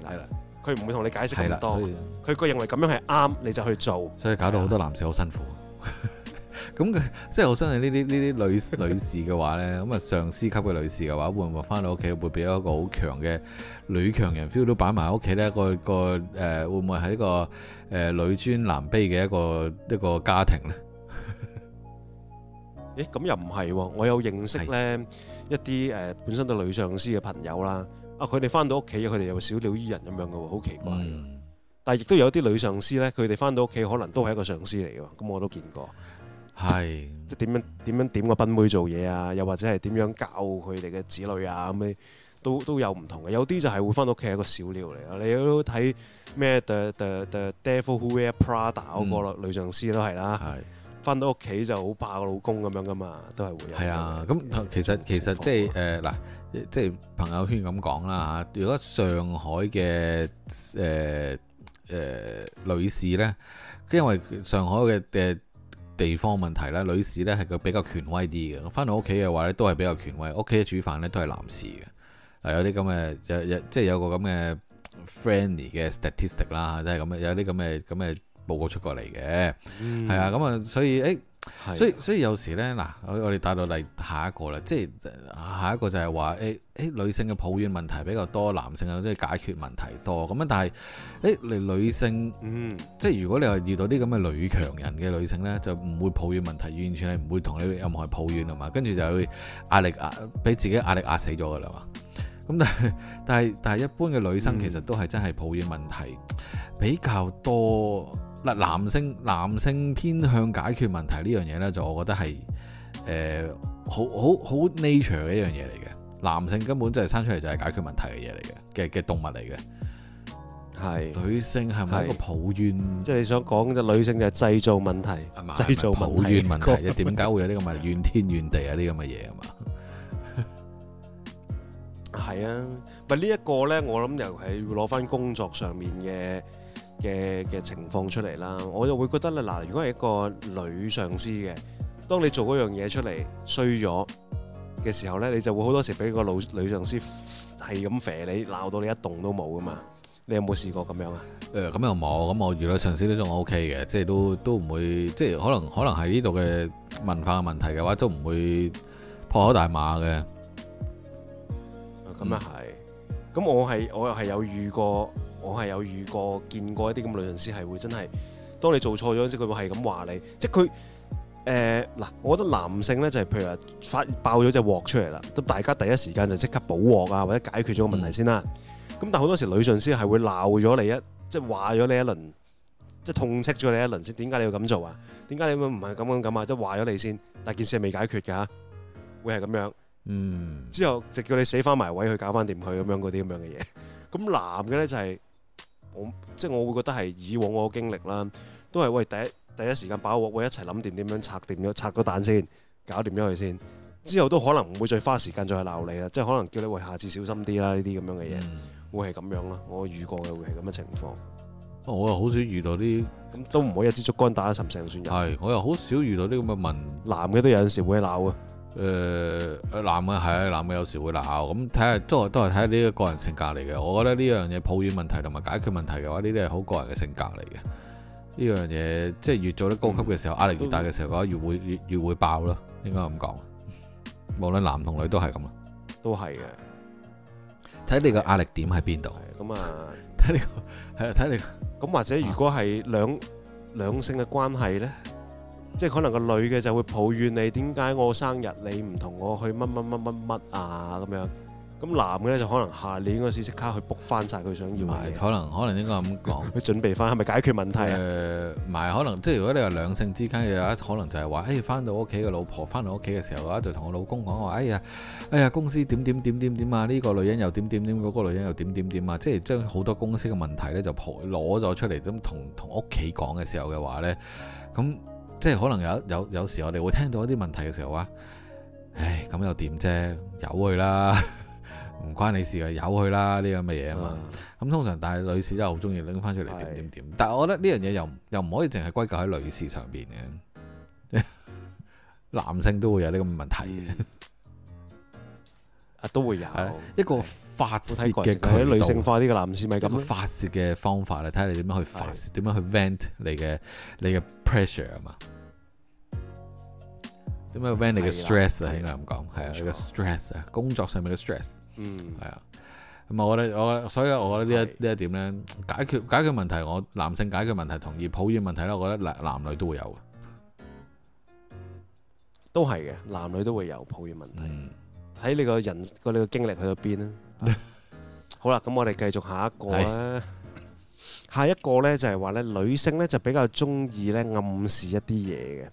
係啦，佢唔會同你解釋咁多，佢個認為咁樣係啱，你就去做，所以搞到好多男士好辛苦。咁嘅的，即係、 就是、我相信呢啲呢啲女 女士嘅話呢，咁啊上司級嘅女士嘅話，會唔會返到屋企會俾一個好強嘅女強人 feel 都擺埋屋企呢，個個誒會唔會係一個誒、呃呃、女尊男卑嘅一個一個家庭呢？誒、 欸，咁又唔係喎，我有認識呢的一啲誒本身都女上司嘅朋友啦。啊！佢哋翻到屋企，佢哋有小鳥依人咁樣嘅喎，好奇怪。Mm hmm. 但係亦都有啲女上司咧，佢哋翻到屋企可能都係一個上司嚟嘅，咁我都見過。係即係點樣點樣點個賓妹做嘢啊？又或者係點樣教佢哋嘅子女啊？咁樣都都有唔同嘅。有啲就係會翻到屋企係一個小鳥嚟。你都睇咩 the the the devil who wear prada 嗰個女上司都係啦。Mm hmm. 翻到屋企就好霸個老公咁樣噶嘛，都係會有。係啊，咁、嗯、其實其實即係誒嗱，即、呃、係、就是、朋友圈咁講啦嚇。如果上海嘅誒誒女士呢，因為上海嘅嘅地方問題咧，女士呢係個比較權威啲嘅。我翻到屋企嘅話呢，都係比較權威。屋企煮飯呢，都係男士嘅。嗱、呃，有啲咁嘅，有有即係有個咁嘅 friendly 嘅 statistic 啦，即係咁嘅。有啲咁嘅咁嘅。就是報告出過嚟嘅，係啊、嗯，咁啊，所以誒，欸、的所以所以有時呢，嗱，我哋帶到嚟下一個啦，即係下一個就係話誒誒女性嘅抱怨問題比較多，男性啊即係解決問題多咁啊，但係誒你女性，嗯、即係如果你話遇到啲咁嘅女強人嘅女性呢，就唔會抱怨問題，完全係唔會同你任何抱怨啊嘛，跟住就係會壓力壓俾自己壓力壓死咗㗎啦嘛，咁但係但係但係一般嘅女生其實都係真係抱怨問題比較多。嗯嗱，男性男性偏向解決問題呢樣嘢咧，就我覺得係誒、呃、好好好 nature 嘅一樣嘢嚟嘅。男性根本就係生出嚟就係解決問題嘅嘢嚟嘅，嘅嘅動物嚟嘅。係是女性係咪一個抱怨？即係你想講嘅女性就係製造問題，是製造抱怨問題，即係點解會有呢個問題怨天怨地個 啊？個呢咁嘅嘢係嘛？係啊，咪呢一個咧，我諗又係攞翻工作上面嘅。嘅嘅情況出嚟啦，我就會覺得咧，嗱，如果係一個女上司嘅，當你做嗰樣嘢出嚟衰咗嘅時候咧，你就會好多時俾個老女上司係咁吠你，鬧到你一棟都冇㗎嘛。你有冇試過咁樣啊？誒、嗯，咁又冇。咁我遇到上司都仲 O K 嘅，即係都都唔會，即係可能可能係呢度嘅文化嘅問題嘅話，都唔會破口大罵嘅。啊、嗯，咁又係。咁我係我又係有遇過。我係有遇過見過一啲咁嘅女上司係會真係，當你做錯咗之後佢會係咁話你，即係佢誒、嗱，我覺得男性咧就係、是、譬如話發爆咗隻鑊出嚟啦，咁大家第一時間就即刻補鑊啊或者解決咗個問題先啦。咁、嗯、但好多時女上司係會鬧咗你，你一，即係話咗你一輪，即係痛斥咗你一輪先。點解你要咁做啊？點解你唔係咁樣咁啊？即係話咗你先，但件事係未解決嘅吓，會係咁樣。嗯，之後直叫你死翻埋位去搞翻掂佢咁樣嗰啲咁樣嘅嘢。咁男嘅咧就係、是。我即係我會覺得係以往我嘅經歷啦，都係喂第一第一時間把握，喂一齊諗掂點樣拆掂咗，拆個蛋先，搞掂咗佢先。之後都可能唔會再花時間再去鬧你啦，即係可能叫你喂下次小心啲啦，呢啲咁樣嘅嘢，會係咁樣咯。我遇過嘅會係咁嘅情況。我又好少遇到啲咁，都唔可以一支竹竿打沉成船人。係我又好少遇到啲咁嘅問，男嘅都有陣時會鬧嘅。誒、呃，男嘅係啊，男嘅有時會鬧，咁睇下都係都係睇下呢個個人性格嚟嘅。我覺得呢樣嘢，抱怨問題同埋解決問題嘅話，呢啲係好個人嘅性格嚟嘅。呢樣嘢即係越做得高級嘅時候，壓力越大嘅時候，話越會越越會爆咯。應該咁講，無論男同女都係咁啊，都係嘅。睇你個壓力點喺邊度？咁啊，睇你係啊，睇你。咁、這個、或者如果係兩兩性嘅關係咧？即係可能個女嘅就會抱怨，你點解我生日你唔同我去乜乜乜乜乜啊，咁樣，咁男嘅咧就可能下年嗰時即刻去 book 翻晒佢想要嘅。係、嗯，可能可能應該咁講。佢 準備翻係咪解決問題啊？唔係、呃，可能即係如果你話兩性之間嘅話，可能就係、哎、話，誒，翻到屋企嘅老婆翻到屋企嘅時候嘅就同我老公講話，哎呀，哎呀，公司點點點點點啊，呢、這個女人又點點點，嗰、那個女人又點點點啊，即係將好多公司嘅問題咧就攞咗出嚟咁同同屋企講嘅時候嘅話咧，咁。即係可能有有有時我哋會聽到一啲問題嘅時候啊，唉咁又點啫？由佢啦，唔 關你事啊，由佢啦呢啲咁嘅嘢啊嘛。咁通常但係女士都好中意拎翻出嚟點點點，的但係我覺得呢樣嘢又又唔可以淨係歸咎喺女士上邊嘅， 男性都會有呢咁嘅問題嘅。都會有，的一個發洩嘅佢女性化啲嘅男士咪咁，發洩嘅方法嚟，睇下你點樣去發洩，點的樣去 vent 你嘅的你嘅 pressure 啊嘛，點樣 vent 你嘅 stress 啊應該咁講，係啊錯，你嘅 stress 啊，工作上面嘅 stress，嗯，係啊，咁我哋我所以我覺得呢一呢一點咧，解決的解決問題，我男性解決問題，同意抱怨問題咧，我覺得男男女都會有，都係嘅，男女都會有抱怨問題。嗯睇你個人，佢你嘅經歷去到邊呢？好啦，咁我哋繼續下一個啦。下一個咧就係話咧，女性咧就比較中意咧暗示一啲嘢嘅。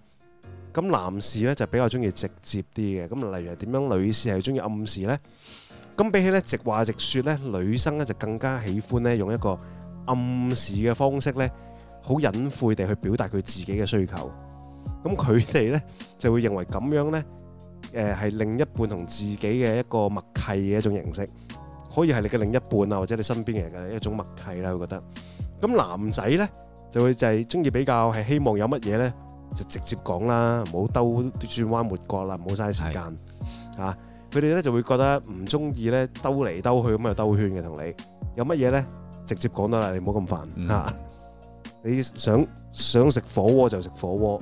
咁男士咧就比較中意直接啲嘅。咁例如點樣，女士係中意暗示咧。咁比起咧直話直說咧，女生咧就更加喜歡咧用一個暗示嘅方式咧，好隱晦地去表達佢自己嘅需求。咁佢哋咧就會認為咁樣咧。誒係另一半同自己嘅一個默契嘅一種形式，可以係你嘅另一半啊，或者你身邊嘅人嘅一種默契啦。我覺得，咁男仔咧就會就係中意比較係希望有乜嘢咧，就直接講啦，唔好兜轉彎抹角啦，唔好嘥時間嚇。佢哋咧就會覺得唔中意咧兜嚟兜去咁又兜圈嘅同你，有乜嘢咧直接講得啦，你唔好咁煩嚇、嗯啊。你想想食火鍋就食火鍋。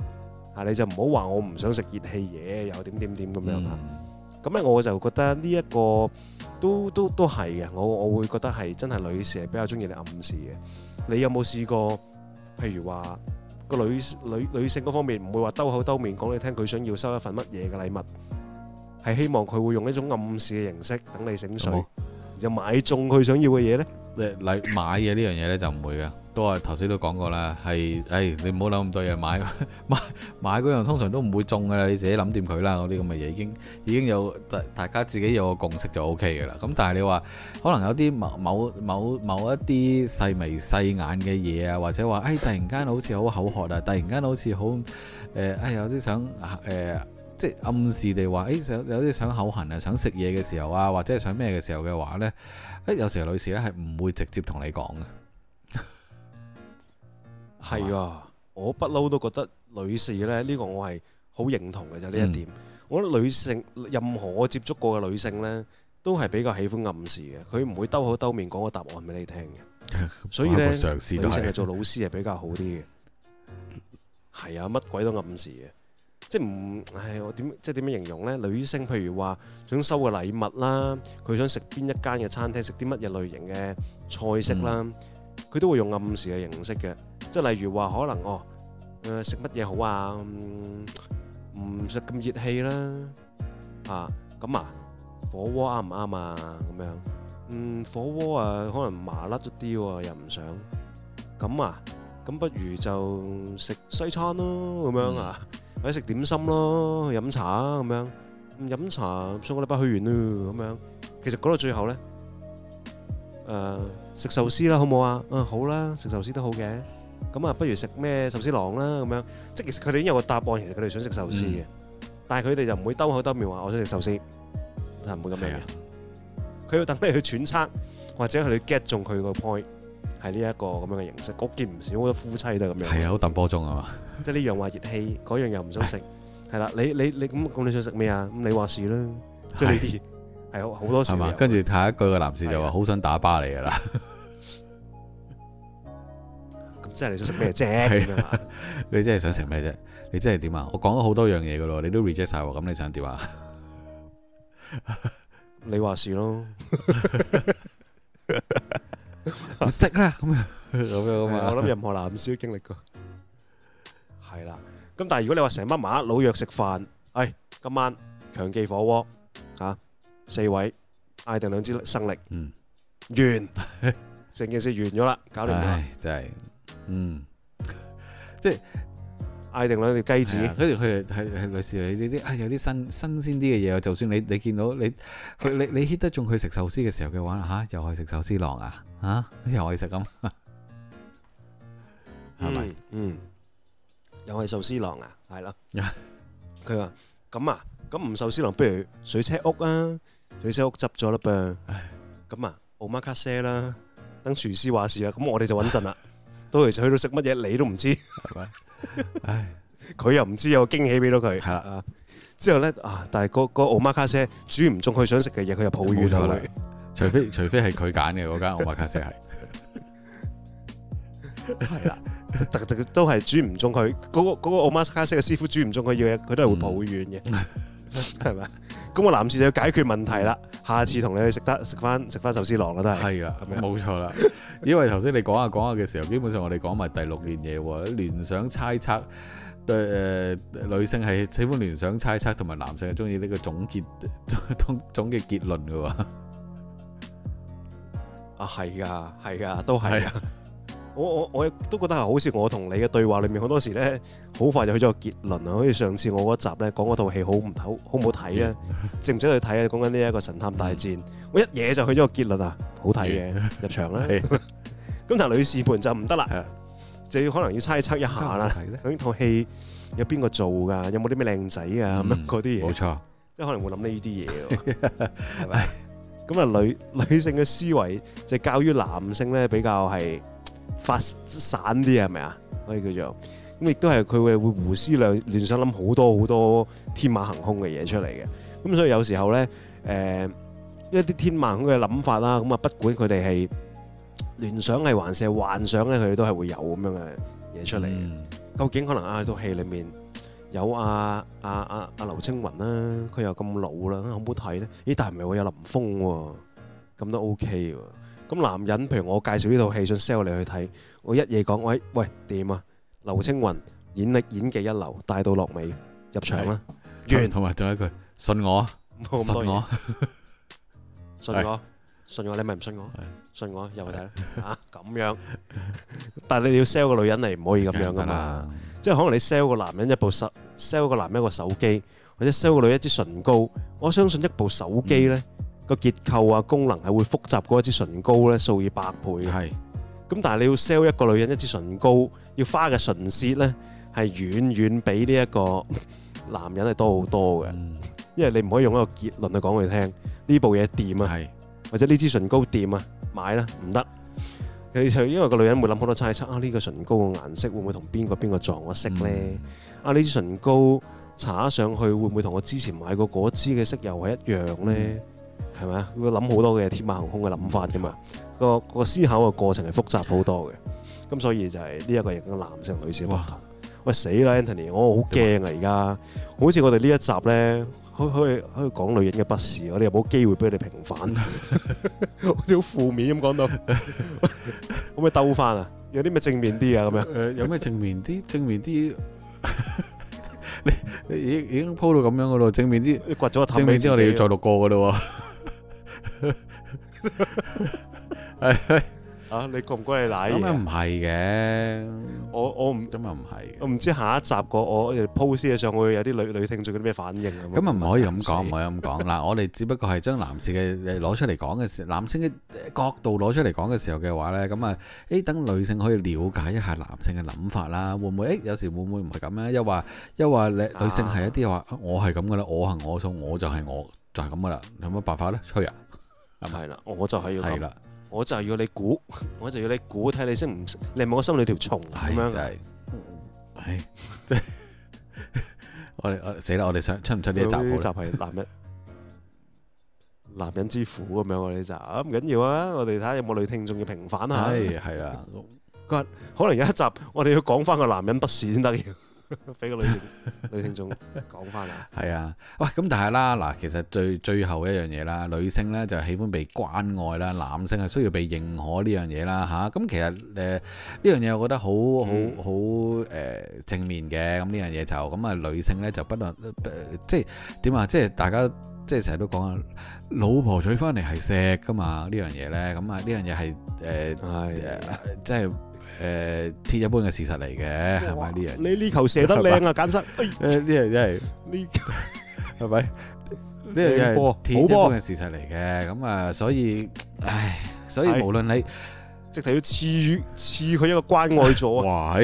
啊！你就唔好話我唔想食熱氣嘢，又點點點咁樣嚇。咁咧我就覺得呢一個都都都係嘅。我我會覺得係真係女士係比較中意你暗示嘅。你有冇試過譬如話個女女女性嗰方面唔會話兜口兜面講你聽佢想要收一份乜嘢嘅禮物，係希望佢會用一種暗示嘅形式等你醒水，就買中佢想要嘅嘢咧。誒，買嘢呢樣嘢咧就唔會嘅。都係頭先都講過啦，係誒、哎、你唔好諗咁多嘢買買買嗰樣，通常都唔會中噶啦。你自己諗掂佢啦，嗰啲咁嘅嘢已經已經有大大家自己有個共識就 OK 噶啦。咁但係你話可能有啲某某某某一啲細眉細眼嘅嘢啊，或者話誒突然間好似好口渴啊，突然間好似好誒誒、呃哎、有啲想誒、呃、即係暗示地話誒、哎、有啲想口痕啊想食嘢嘅時候啊，或者係想咩嘅時候嘅話呢？誒、哎、有時候女士咧係唔會直接同你講嘅。係啊，我不嬲都覺得女士咧呢、呢個，我係好認同嘅。就呢一點，嗯、我覺得女性任何我接觸過嘅女性呢，都係比較喜歡暗示嘅。佢唔會兜口兜面講個答案俾你聽嘅。 所以咧，女性係做老師係比較好啲嘅。係啊， 乜鬼都暗示嘅，即係唔唉，我點即係點樣形容呢？女性譬如話想收個禮物啦，佢想食邊一間嘅餐廳，食啲乜嘢類型嘅菜式啦，佢、嗯、都會用暗示嘅形式嘅。即係例如話，可能哦，誒食乜嘢好啊？唔食咁熱氣啦，啊咁啊，火鍋啱唔啱啊？咁樣嗯，火鍋啊，可能麻辣咗啲喎，又唔想咁啊，咁不如就食西餐咯，咁樣啊，或者食點心咯，飲茶啊，咁樣飲茶，上個禮拜去完咯，咁樣其實講到最後咧，誒食壽司啦，好冇啊？嗯，好啦，食壽司都好嘅。咁啊，不如食咩壽司郎啦，咁樣，即係其實佢哋已經有個答案，其實佢哋想食壽司嘅，但係佢哋就唔會兜口兜面話我想食壽司，但係唔會咁樣嘅。佢要等你去揣測，或者係你 get 中佢個 point，係呢一個咁樣嘅形式。嗰件唔少好多夫妻都係咁樣。係啊，好揼波鐘啊嘛，即係呢樣話熱氣，嗰樣又唔想食，係啦。你你你咁咁你想食咩啊？咁你話事啦，即係呢啲係好多時。係嘛，跟住下一句個男士就話：好想打巴嚟㗎啦！即係你想食咩啫？你真係想食咩啫？你真係點啊？我講咗好多樣嘢噶咯，你都 reject 晒喎。咁你想點啊？你話事咯，識啦。咁樣我諗任何男士都經歷過。係啦，咁但係如果你話成班麻老弱食飯，哎，今晚強記火鍋啊，四位嗌定兩支生力，嗯，完，成件事完咗啦，搞掂啦。真係。嗯，即係嗌定兩隻雞子，跟住佢係係類似你呢啲，哎有啲新新鮮啲嘅嘢。就算你你見到你佢你你 hit 得中去食壽司嘅時候嘅話，吓又可以食壽司郎啊，吓又可以食咁，係咪？嗯，又係壽司郎啊，係咯。佢話咁啊，咁唔壽司郎不如水車屋啊，水車屋執咗啦噃。咁啊，奧馬卡西啦，等廚師話事啦。咁我哋就穩陣啦。到其實去到食乜嘢，你都唔知，係咪？唉，佢又唔知有個驚喜俾到佢，係啦啊！之後咧啊，但係個個奧馬卡些煮唔中佢想食嘅嘢，佢又抱怨咗佢。除非除非係佢揀嘅嗰間奧馬卡些係，係啦，特特都係煮唔中佢。嗰個嗰個奧馬卡些嘅師傅煮唔中佢要嘅嘢，佢都係會抱怨嘅，係咪？咁我男士就要解決問題啦，下次同你去食得食翻食翻壽司郎啦都係，係啊，冇錯啦。 因為頭先你講下講下嘅時候，基本上我哋講埋第六件嘢喎，聯想猜測，對誒、呃，女性係喜歡聯想猜測，同埋男性係中意呢個總結總總結結論嘅喎。啊，係啊，係啊，都係啊。我我我都覺得係好似我同你嘅對話裏面好多時咧，好快就去咗個結論啊！好似上次我嗰集咧講嗰套戲好唔好，好唔好睇啊？靜唔靜去睇啊？講緊呢一個神探大戰，我一嘢就去咗個結論啊！好睇嘅，入場啦！咁但係女士們就唔得啦，就要可能要猜測一下啦。究竟套戲有邊個做噶？有冇啲咩靚仔啊？嗰啲嘢冇錯，即係可能會諗呢啲嘢喎，係咪？咁啊女女性嘅思維就較於男性咧比較係，發散啲啊，係咪啊？可以叫做咁，亦都係佢會會胡思量、亂想諗好多好多天馬行空嘅嘢出嚟嘅。咁所以有時候咧，誒、呃、一啲天馬行空嘅諗法啦，咁啊，不管佢哋係聯想係還是幻想咧，佢哋都係會有咁樣嘅嘢出嚟。嗯、究竟可能啊，套戲裡面有阿阿阿阿劉青雲啦、啊，佢又咁老啦，好唔好睇咧？咦，但係唔係會有林峰喎、啊，咁都 OK 喎。咁男人，譬如我介紹呢套戲想 sell 你去睇，我一嘢講，我，喂，喂，掂啊，劉青雲演力演技一流，帶到落尾，入場啦，完。同埋仲有一句，信我，信我，信我，信我，你咪唔信我，信我又去睇啦，嚇咁樣。但係你要 sell 個女人嚟唔可以咁樣㗎嘛？即係可能你 sell 個男人一部手 sell 個男人一個手機，或者 sell 個女一支唇膏。我相信一部手機咧。個結構啊，功能係會複雜過一支唇膏咧，數以百倍。係咁是，但係你要 sell 一個女人一支唇膏，要花嘅唇舌咧，係遠遠比呢一個男人係多好多嘅。嗯、因為你唔可以用一個結論去講佢聽呢部嘢掂啊，是或者呢支唇膏掂啊，買啦唔得。其實因為個女人會諗好多猜測啊，呢、這個唇膏嘅顏色會唔會同邊個邊個撞咗色咧？嗯、啊，呢支唇膏搽上去會唔會同我之前買過嗰支嘅色又係一樣咧？嗯係咪啊？會諗好多嘅天馬行空嘅諗法嘅嘛。個個思考嘅過程係複雜好多嘅。咁所以就係呢一個亦都男性、女性。哇！喂死啦，Anthony！我好驚啊！而家好似我哋呢一集咧，可以可以可以講女人嘅不是，我哋有冇機會俾佢哋平反？ 好似好負面咁講到， 可唔可以兜翻啊？有啲咩正面啲啊？咁 樣有咩正面啲？正面啲？ 你已已經鋪到咁樣嘅咯，正面啲。刮掘咗個正面之後，我哋要再錄過嘅咯喎。 誒，啊，你覺唔覺你奶嘢？咁又唔係嘅，我我唔，咁又唔係，我唔知下一集個我 post 嘢上去，有啲女女性做啲咩反應咁啊？唔可以咁講，唔可以咁講。嗱，我哋只不過係將男士嘅誒攞出嚟講嘅時，男性嘅角度攞出嚟講嘅時候嘅話咧，咁啊，誒，等女性可以了解一下男性嘅諗法啦，會唔會？誒，有時會唔會唔係咁咧？又話又話，你女性係一啲話，我係咁噶啦，我行我素，我就係我，就係咁噶啦，有乜辦法咧？吹啊！係啦，我就係要諗了，我就要你估，我就要你估，睇你識唔識，你係咪我心裏條蟲咁樣？係，即、就、係、是、 我哋我死啦！我哋想出唔出呢一集？呢對吧集係男人 男人之苦咁樣我哋呢集，唔緊要啊！要要我哋睇下有冇女聽眾要平反下。係係啦，佢 可能有一集，我哋要講翻個男人不是先得要。俾個女女聽眾講翻啦，係啊，喂，咁但係啦，嗱，其實最最後一樣嘢啦，女性咧就喜歡被關愛啦，男性係需要被認可呢樣嘢啦，嚇，咁其實誒呢樣嘢我覺得好好好誒正面嘅，咁呢樣嘢就咁啊，女性咧就不論即係點啊，即係大家即係成日都講啊，老婆娶翻嚟係錫㗎嘛，呢樣嘢咧，咁啊呢樣嘢係誒誒即係。誒，鐵一般嘅事實嚟嘅，係咪呢樣？你呢球射得靚啊，簡生！誒，呢樣真係呢，係咪呢樣嘢？鐵一般嘅事實嚟嘅，咁啊，所以，唉，所以無論你，直頭要賜賜佢一個關愛座啊！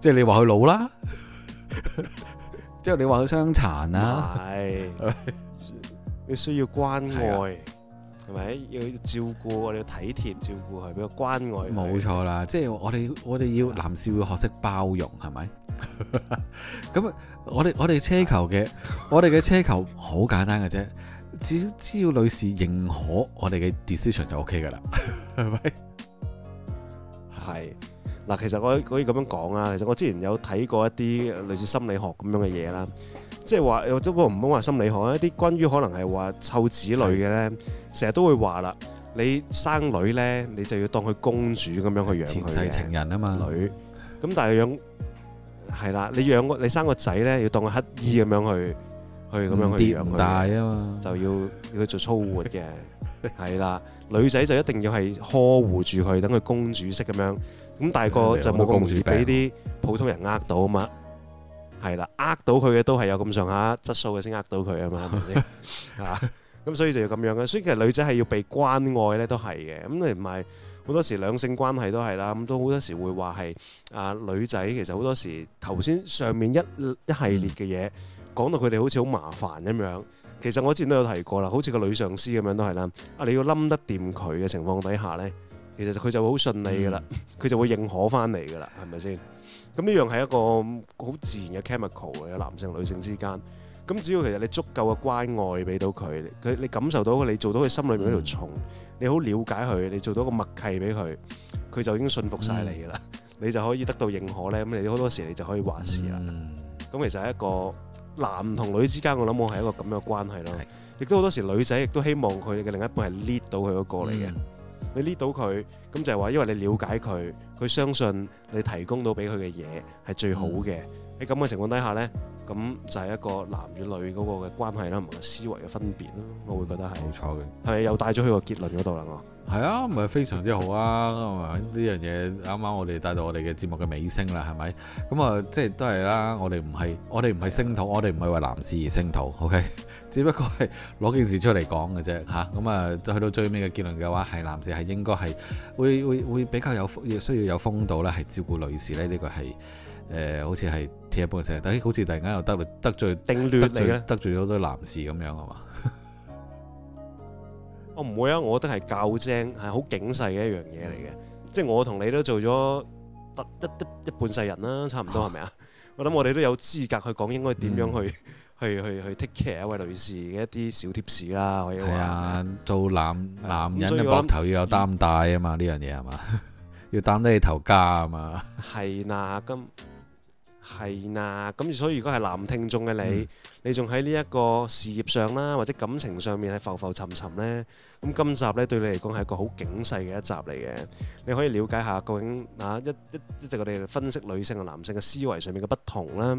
即係你話佢老啦，即係你話佢傷殘啦，係，你需要關愛。係咪要照顧我哋要體貼照顧佢，比較關愛。冇錯啦，即係我哋我哋要男士要學識包容，係咪？咁 我哋我哋奢求嘅，我哋嘅奢求好 簡單嘅啫，只要只要女士認可我哋嘅 decision 就 OK 噶啦，係咪？係嗱，其實我可以咁樣講啊，其實我之前有睇過一啲類似心理學咁樣嘅嘢啦。即係話，我都唔好話心理學，一啲關於可能係話湊子女嘅咧，成日是的 都會話啦。你生女咧，你就要當佢公主咁樣去養佢嘅。前世情人啊嘛。女，咁但係養係啦，你養你生個仔咧，要當個乞兒咁樣去、嗯、去咁樣去養佢。唔大啊嘛，就要要做粗活嘅。係啦， 女仔就一定要係呵護住佢，等佢公主式咁樣。咁大就個就冇咁容易俾啲普通人呃到啊嘛。係啦，呃到佢嘅都係有咁上下質素嘅先呃到佢啊嘛，係咪先？啊，咁所以就要咁樣嘅。所以其實女仔係要被關愛咧，都係嘅。咁你唔埋好多時兩性關係都係啦。咁都好多時會話係，啊女仔其實好多時頭先上面一一系列嘅嘢講到佢哋好似好麻煩咁樣。其實我之前都有提過啦，好似個女上司咁樣都係啦。啊，你要冧得掂佢嘅情況底下咧，其實佢就會好順利㗎啦，佢、嗯、就會認可翻你㗎啦，係咪先？咁呢樣係一個好自然嘅 chemical 嘅男性女性之間，咁只要其實你足夠嘅關愛俾到佢，佢你感受到你做到佢心裏邊嗰條蟲，你好了解佢，你做到個默契俾佢，佢就已經信服曬你噶啦，你就可以得到認可咧。咁你好多時你就可以話事啦。咁其實係一個男同女之間，我諗我係一個咁樣嘅關係咯。亦都好多時女仔亦都希望佢嘅另一半係 lead 到佢嗰個嚟嘅。你搣到佢，咁就係話，因為你了解佢，佢相信你提供到俾佢嘅嘢係最好嘅。喺咁嘅情況底下呢。咁就係一個男與女嗰個嘅關係啦，同埋思維嘅分別啦，我會覺得係冇錯嘅，係咪又帶咗去個結論嗰度啦？係啊，唔係非常之好啊！呢樣嘢啱啱我哋帶到我哋嘅節目嘅尾聲啦，係咪？咁啊，即係都係啦，我哋唔係我哋唔係聲討，我哋唔係為男士而聲討，OK？ 只不過係攞件事出嚟講嘅啫吓，咁啊，去到最尾嘅結論嘅話，係男士係應該係會會會比較有要需要有風度啦，係照顧女士呢，呢、嗯、個係。誒、呃，好似係踢一半嘅，但係好似突然間又得罪定得罪，得罪咧得罪咗好多男士咁樣係嘛？我唔會啊，我覺得係較正，係好警示嘅一樣嘢嚟嘅。即係我同你都做咗得一一半世人啦，差唔多係咪啊？我諗我哋都有資格去講應該點樣去、嗯、去去去 take care 一位女士嘅一啲小貼士啦。係啊，做男男人嘅膊頭要有擔帶啊嘛，呢樣嘢係 嘛，要擔得起頭家啊嘛。係嗱咁。嗯 係啦，咁所以如果係男聽眾嘅你，嗯、你仲喺呢一個事業上啦，或者感情上面係浮浮沉沉呢。咁今集呢，對你嚟講係一個好警世嘅一集嚟嘅，你可以了解下究竟啊一一一直我哋分析女性同男性嘅思維上面嘅不同啦，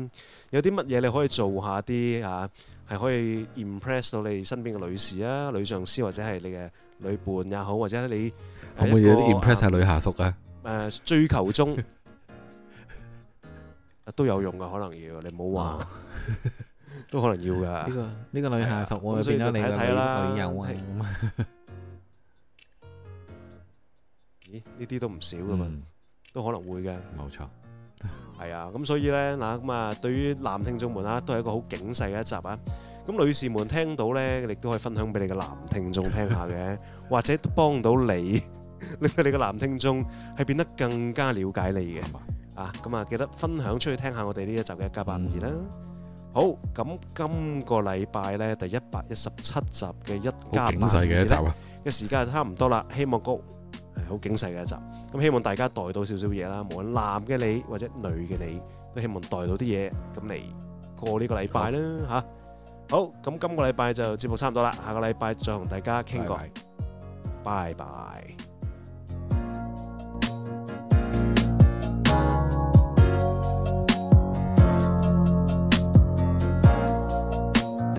有啲乜嘢你可以做下啲啊，係可以 impress 到你身邊嘅女士啊、女上司或者係你嘅女伴也好，或者你可唔可以有啲 impress 下女下屬啊？誒、啊，追求中。 啊，都有用噶，可能要你唔好話，都可能要噶。呢個呢個女下屬，我變咗你嘅女友啊！咦，呢啲都唔少噶嘛，都可能會嘅。冇錯，係啊。咁所以咧，嗱咁啊，對於男聽眾們啊，都係一個好警世嘅一集啊。咁女士們聽到咧，你亦都可以分享俾你嘅男聽眾聽下嘅，或者幫到你，令到你嘅男聽眾係變得更加了解你嘅。啊，咁啊，記得分享出去聽下我哋呢一集嘅一家八五二啦。好，咁今個禮拜呢，第一百一十七集嘅一家八五二一集啊嘅時間就差唔多啦。希望個係好警世嘅一集，咁希望大家袋到少少嘢啦。無論男嘅你或者女嘅你，都希望袋到啲嘢，咁嚟過呢個禮拜啦。嚇，好，咁今個禮拜就節目差唔多啦，下個禮拜再同大家傾過。Bye bye。